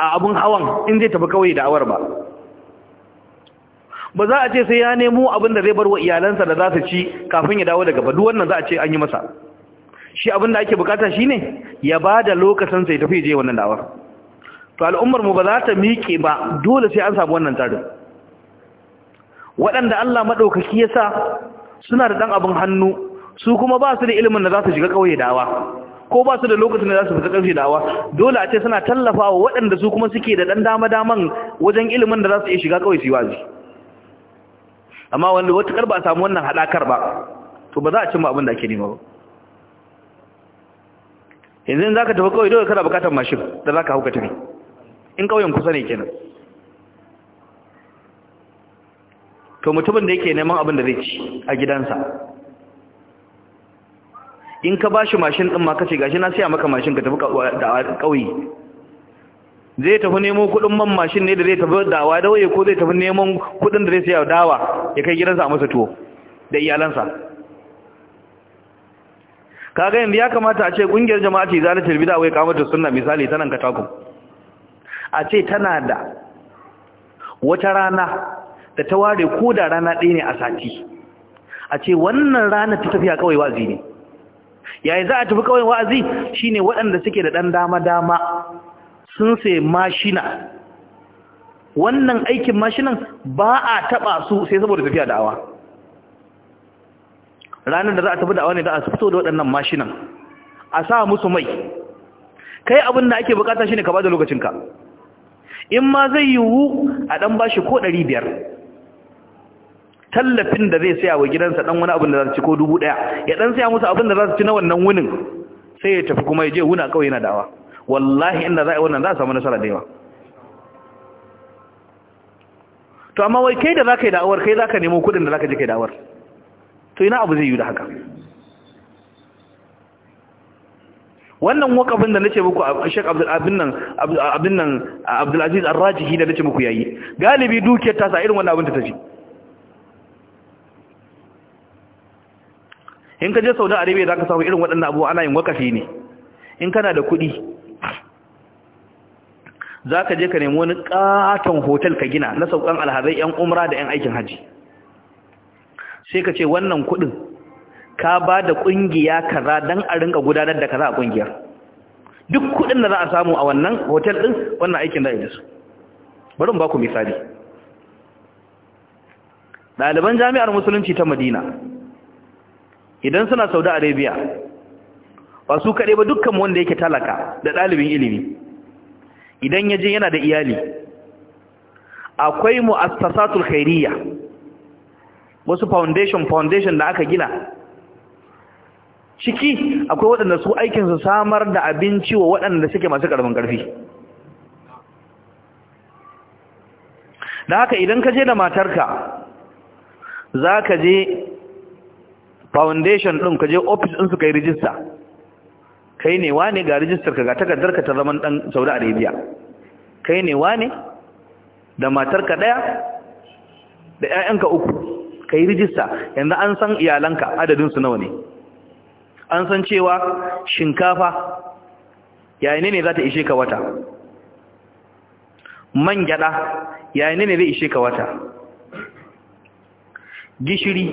a abin hawan in zai tafi ƙauye da ba ba za a ce sai ya nemo abin da zai bar wa iyalansa da za su ci kafin ya dawo daga ba wannan za a ce an yi masa shi abin da ake bukata shi ne ya ba da lokacin sai tafi je wannan dawar to al'ummar mu ba za ta miƙe ba dole sai an samu wannan tsarin waɗanda Allah maɗaukaki ya sa suna da ɗan abin hannu su kuma ba su da ilimin da za su shiga ƙauye dawa ko ba su da lokacin da za su fita ƙarfi dawa dole a ce suna tallafa wa waɗanda su kuma suke da ɗan dama-daman wajen ilimin da za su iya shiga ƙauye su yi wazi amma wanda wata ba a samu wannan haɗakar ba to ba za a cimma abin da ake nema ba yanzu za ka tafi ƙauye dole kana buƙatar mashin da za ka hau ka tafi in ƙauyen kusa ne kenan to mutumin da yake neman abin da zai ci a gidansa in ka ba shi mashin ɗin ma ka ce gashi na siya maka mashin ka tafi da ƙauye zai tafi nemo kuɗin man mashin ne da zai tafi dawa da waye ko zai tafi neman kuɗin da zai siya dawa ya kai gidansa a masa tuwo da iyalansa kaga yanzu ya kamata a ce kungiyar jama'a ce zalatul bid'a wai kamata sunna misali tanan katako a ce tana da wata rana da ta ware ko da rana ɗaya ne a sati a ce wannan rana ta tafiya kawai wazi ne yayi za a tafi kawai wa'azi shine waɗanda suke da ɗan dama-dama sun sai mashina wannan aikin mashinan ba a taɓa su sai saboda tafiya da awa. ranar da za a tafi da'awa ne da a fito da waɗannan mashinan a sa musu mai kai abin da ake bukata shine ka ba da lokacinka in ma zai yiwu a ɗan bashi ko ɗari biyar tallafin da zai saya wa gidansa dan wani abin da za su ci ko dubu daya ya dan saya musu abin da za su ci na wannan wunin sai ya tafi kuma ya je wuna kawai yana dawa wallahi inda za a yi wannan za a samu nasara da yawa to amma wai kai da za ka yi da'awar kai za ka nemo kudin da za ka je kai da'awar to ina abu zai yi da haka wannan wakafin da nace muku Sheikh Abdul abin nan Abdulaziz, nan Abdul Aziz Ar-Rajihi da nace muku yayi galibi dukiyar tasa irin wannan abin da tafi in ka je saudi arabia za ka samu irin waɗannan abubuwa ana yin wakafi ne in kana da kuɗi za ka je ka nemi wani ƙaton hotel ka gina na saukan alhazai 'yan umra da 'yan aikin hajji sai ka ce wannan kuɗin ka ba da ƙungiya kaza don a rinka gudanar da kaza a ƙungiyar duk kuɗin da za a samu a wannan hotel ɗin wannan aikin da su bari ba ku misali ɗaliban jami'ar musulunci ta madina idan suna saudi arabia ba su kaɗai ba dukkan wanda yake talaka da ɗalibin ilimi idan ya je yana da iyali akwai mu'assasatul khairiyya wasu foundation foundation da aka gina ciki akwai waɗanda su aikinsu samar da abinci wa waɗanda suke masu ƙarfin ƙarfi da haka idan ka je da matarka za ka je foundation ɗin ka je ofis ɗin su ka yi rijista kai ne wane ga rijistar ka ga takardar ka ta zama ɗan saudi arabia kai ne wane da ka ɗaya da 'ya'yanka uku ka yi rijista yanzu an san iyalanka adadinsu nawa ne an san cewa shinkafa yayin ne za ta ishe ka wata man gyada yayin ne zai ishe ka wata gishiri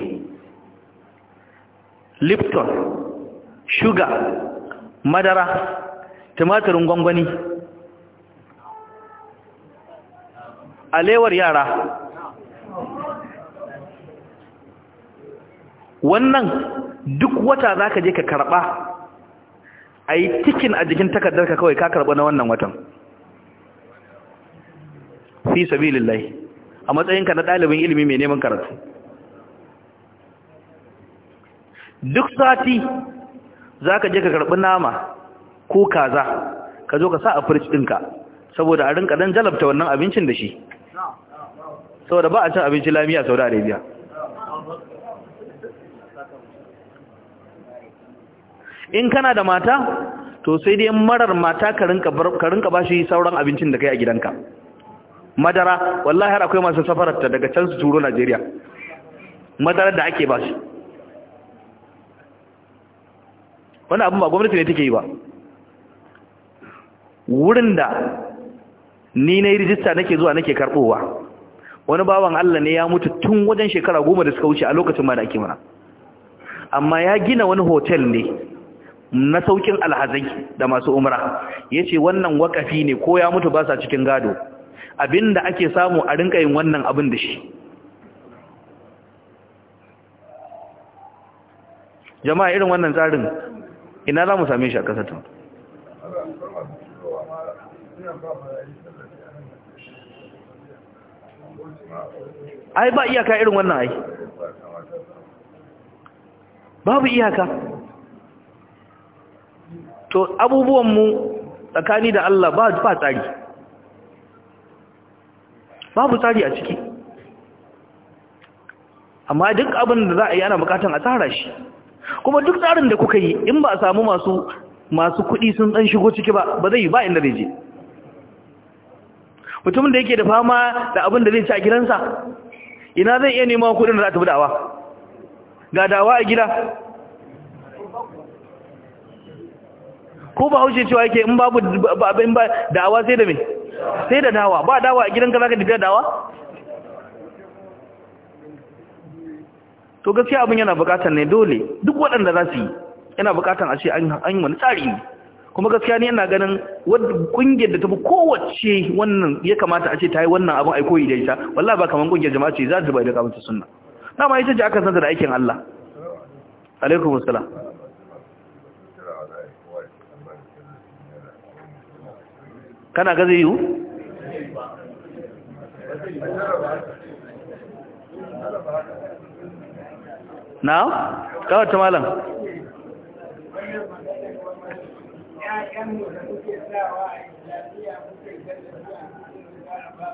lipton shuga madara tumatirin gwangwani alewar yara wannan duk wata za ka je ka karɓa a yi tikin a jikin takardar ka kawai ka karɓa na wannan watan fi sabi lillahi a matsayinka na ɗalibin ilimi mai neman karatu duk sati za ka je ka karɓi nama ko kaza ka zo ka sa a firci ɗinka saboda a rinka ɗan jalabta wannan abincin da shi saboda ba a cin abinci lamiya sau da arabiya in kana da mata to sai dai marar mata ka rinka ba shi sauran abincin da kai a gidanka madara wallahi har akwai masu safararta daga can su turo najeriya madarar da ake ba shi wani abin ba gwamnati ne take yi ba wurin da ni na yi rijista nake zuwa nake karbowa wani bawan Allah ne ya mutu tun wajen shekara goma da suka wuce a lokacin ma da ake mana amma ya gina wani hotel ne na saukin alhazai da masu umara ya ce wannan wakafi ne ko ya mutu ba sa cikin gado abinda ake samu a rinka yin wannan abin da shi jama'a irin wannan tsarin ina za mu same shi a ƙasar ai ba iyaka irin wannan ai babu iyaka to abubuwanmu tsakani da Allah ba ba tsari babu tsari a ciki amma duk abin da za a yi ana bukatan a tsara shi kuma duk tsarin da kuka yi in ba a samu masu masu kuɗi sun ɗan shigo ciki ba ba zai yi ba inda zai je mutumin da yake da fama da abin da zai ci a gidansa ina zai iya neman kuɗin da za ta fi dawa ga dawa a gida ko ba haushe cewa yake in babu da dawa sai da me sai da dawa ba dawa a gidanka za ka dawa to gaskiya abin yana bukatar ne dole duk waɗanda za su yi yana bukatar a ce an yi wani tsari ne kuma gaskiya ne yana ganin kungiyar da ta fi kowace wannan ya kamata a ce ta yi wannan abin aiko da ita wallah ba kamar kungiyar jama'a ce za ta bai da kamata sunna na ma ita ce aka santa da aikin Allah alaikum kana yiwu Thank you. na kawata malam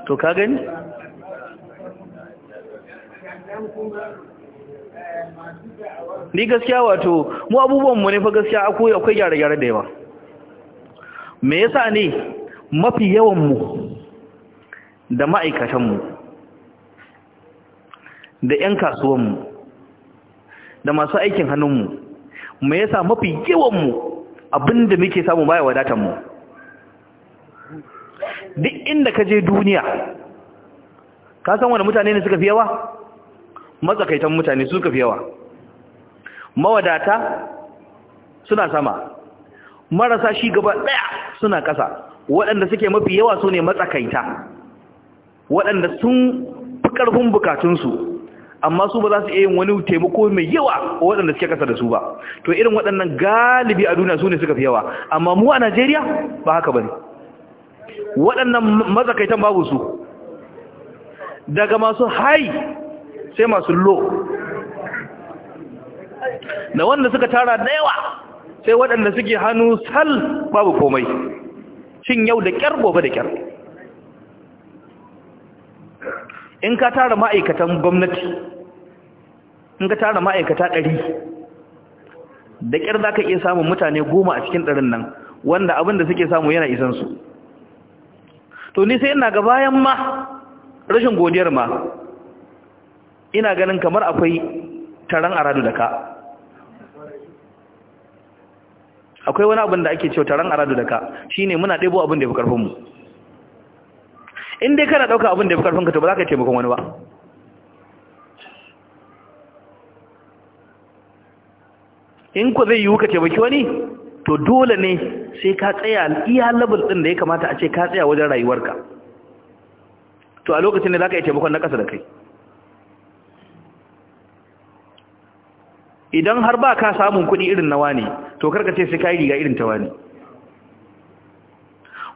to ka gani ni gaskiya wato mu abubuwan mu ne fa gaskiya akwai akwai gyare-gyare da yawa me yasa ne mafi yawan mu da ma'aikatan mu da 'yan kasuwan mu da masu aikin hannunmu mu yasa mafi yawanmu abinda muke samu baya wadatanmu duk inda ka je duniya ka san wani mutane ne suka fi yawa matsakaitan mutane suka fi yawa mawadata suna sama marasa shi gaba ɗaya suna ƙasa waɗanda suke mafi yawa su ne matsakaita waɗanda sun fi ƙarfin bukatunsu amma su ba za su iya yin wani taimako mai yawa a waɗanda suke kasa da su ba to irin waɗannan galibi a duniya su ne suka fi yawa amma mu a najeriya ba haka ba ne waɗannan mazakaitan babu su daga masu hai sai masu lo da wanda suka tara da yawa sai waɗanda suke hannu sal babu komai cin yau da ƙyar gobe da ƙyar in ka tara ma'aikatan gwamnati in ka tara ma'aikata ɗari da ƙyar za ka iya samun mutane goma a cikin ɗarin nan wanda abin da suke samu yana isansu to ni sai ina ga bayan ma rashin godiyar ma ina ganin kamar akwai taron aradu da ka akwai wani abin da ake cewa taron aradu da ka shine muna ɗebo abin da ya fi ƙarfinmu in dai kana ɗauka abin da ya fi ka to ba za ka taimakon wani ba in ku zai yiwu ka taimaki wani to dole ne sai ka tsaya iya level ɗin da ya kamata a ce ka tsaya wajen rayuwarka to a lokacin ne za ka yi taimakon na ƙasa da kai idan har ba ka samun kuɗi irin na ne to karka ce sai ka yi riga irin ta wani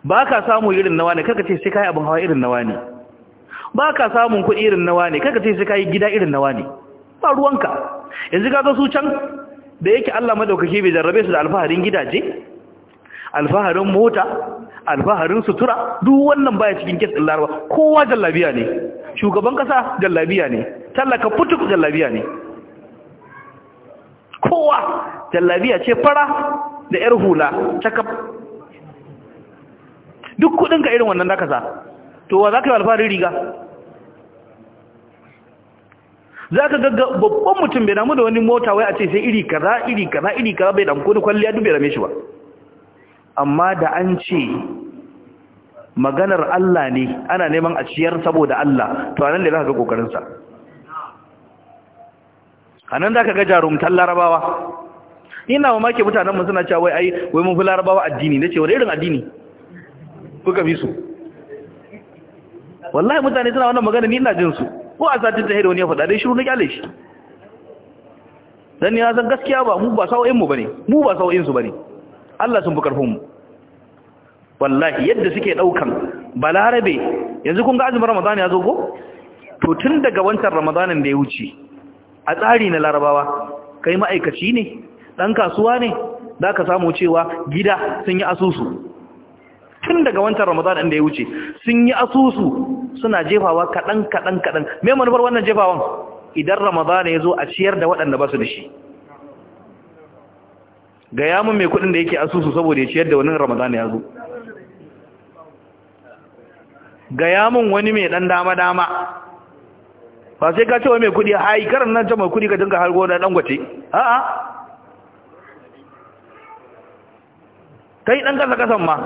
ba ka samu irin nawa ne kaka ce sai kayi abin hawa irin nawa ne ba ka samun kuɗi irin nawa ne kaka ce sai kayi gida irin nawa ne ba ruwanka yanzu ka ga su can da yake Allah madaukake bai jarrabe su da alfaharin gidaje alfaharin mota alfaharin sutura duk wannan baya cikin kitsin laraba kowa jallabiya ne shugaban kasa jallabiya ne tallaka putuk jallabiya ne kowa jallabiya ce fara da yar hula ta duk kudin ka irin wannan zaka sa to wa zaka yi alfarin riga zaka ga babban mutum bai namu da wani mota wai a ce sai iri kaza iri kaza iri kaza bai dan kudi kwalliya duk bai rame shi ba amma da an ce maganar Allah ne ana neman a ciyar saboda Allah to anan ne zaka ga kokarin sa anan zaka ga jarumtan larabawa ina mamaki mutanen mu suna cewa wai ai wai mun fi larabawa addini nace wani irin addini kuka bi su wallahi mutane suna wannan magana ni ina jin su ko a satin tahir wani ya faɗa dai shiru na kyale shi dan ya san gaskiya ba mu ba sawa'in mu bane mu ba sawa'in su bane Allah sun fi karfin mu wallahi yadda suke daukan balarabe yanzu kun ga azumin ramadan ya zo ko to tun daga wancan ramadanin da ya wuce a tsari na larabawa kai ma'aikaci ne ɗan kasuwa ne za ka samu cewa gida sun yi asusu tun daga wancan ramadan inda ya wuce sun yi asusu suna jefawa kaɗan kaɗan kaɗan me manufar wannan jefawan idan ramadan ya zo a ciyar da waɗanda ba su da shi ga yamin mai kuɗin da yake asusu saboda ya ciyar da wani ramadan ya zo ga yamin wani mai ɗan dama-dama ba sai ka cewa mai kuɗi hai karan nan ce mai kuɗi ka dinga hargo da ɗangwace a'a kai ɗan ƙasa-ƙasan ma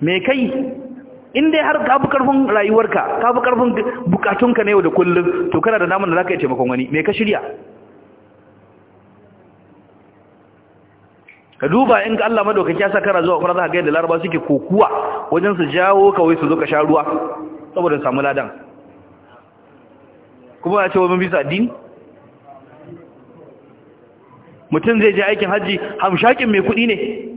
me kai in dai har ka fi karfin rayuwarka ka fi karfin bukatunka na yau da kullum to kana da namun da za ka yi taimakon wani me ka shirya ka duba in ka Allah madaukaki ya sa kana zuwa kuma za ka ga yadda laraba suke kokuwa wajen su jawo kawai su zo ka sha ruwa saboda samu ladan kuma ya ce bisa addini mutum zai je aikin hajji hamshakin mai kuɗi ne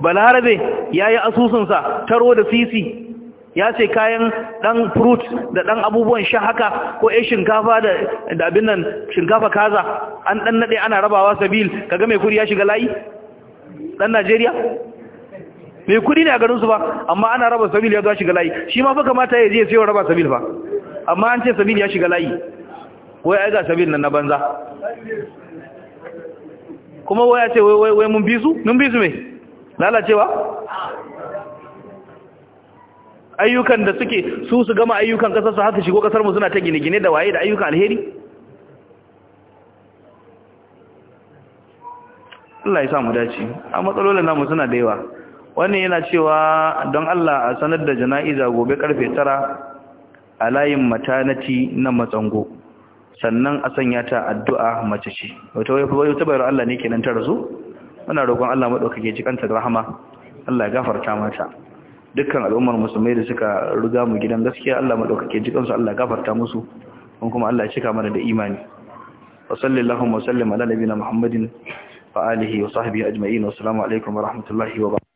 balarabe ya yi asusunsa taro da sisi ya ce kayan ɗan fruit da ɗan abubuwan sha haka ko ya shinkafa da abin nan shinkafa kaza an ɗan naɗe ana rabawa sabil ga mai kuri ya shiga layi ɗan najeriya mai kuri ne a su ba amma ana raba sabil ya zuwa shiga layi shi ma fi kamata ya je sayo raba sabil fa amma an ce sabil ya shiga layi ko ya ga sabil nan na banza kuma wai ya ce wai mun bi su mun bi su mai lalacewa ayyukan da suke su su gama ayyukan kasar su haka shigo kasar mu suna ta gine-gine da waye da ayyukan alheri Allah ya sa mu dace a matsalolin namu suna da yawa wannan yana cewa don Allah a sanar da jana'iza gobe karfe tara a layin matanati na matsango sannan a sanya ta addu'a mace ce wata wata bayar Allah ne kenan ta rasu muna roƙon Allah madaukake cikanta da rahama Allah ya gafarta mata dukkan al'ummar musulmai da suka riga mu gidan gaskiya Allah madaukake jikansu Allah ya gafarta musu kun kuma Allah ya cika mana da imani wa sallallahu wa sallam ala nabiyina muhammadin wa alihi wa sahbihi ajma'in wa assalamu alaikum wa rahmatullahi wa barakatuh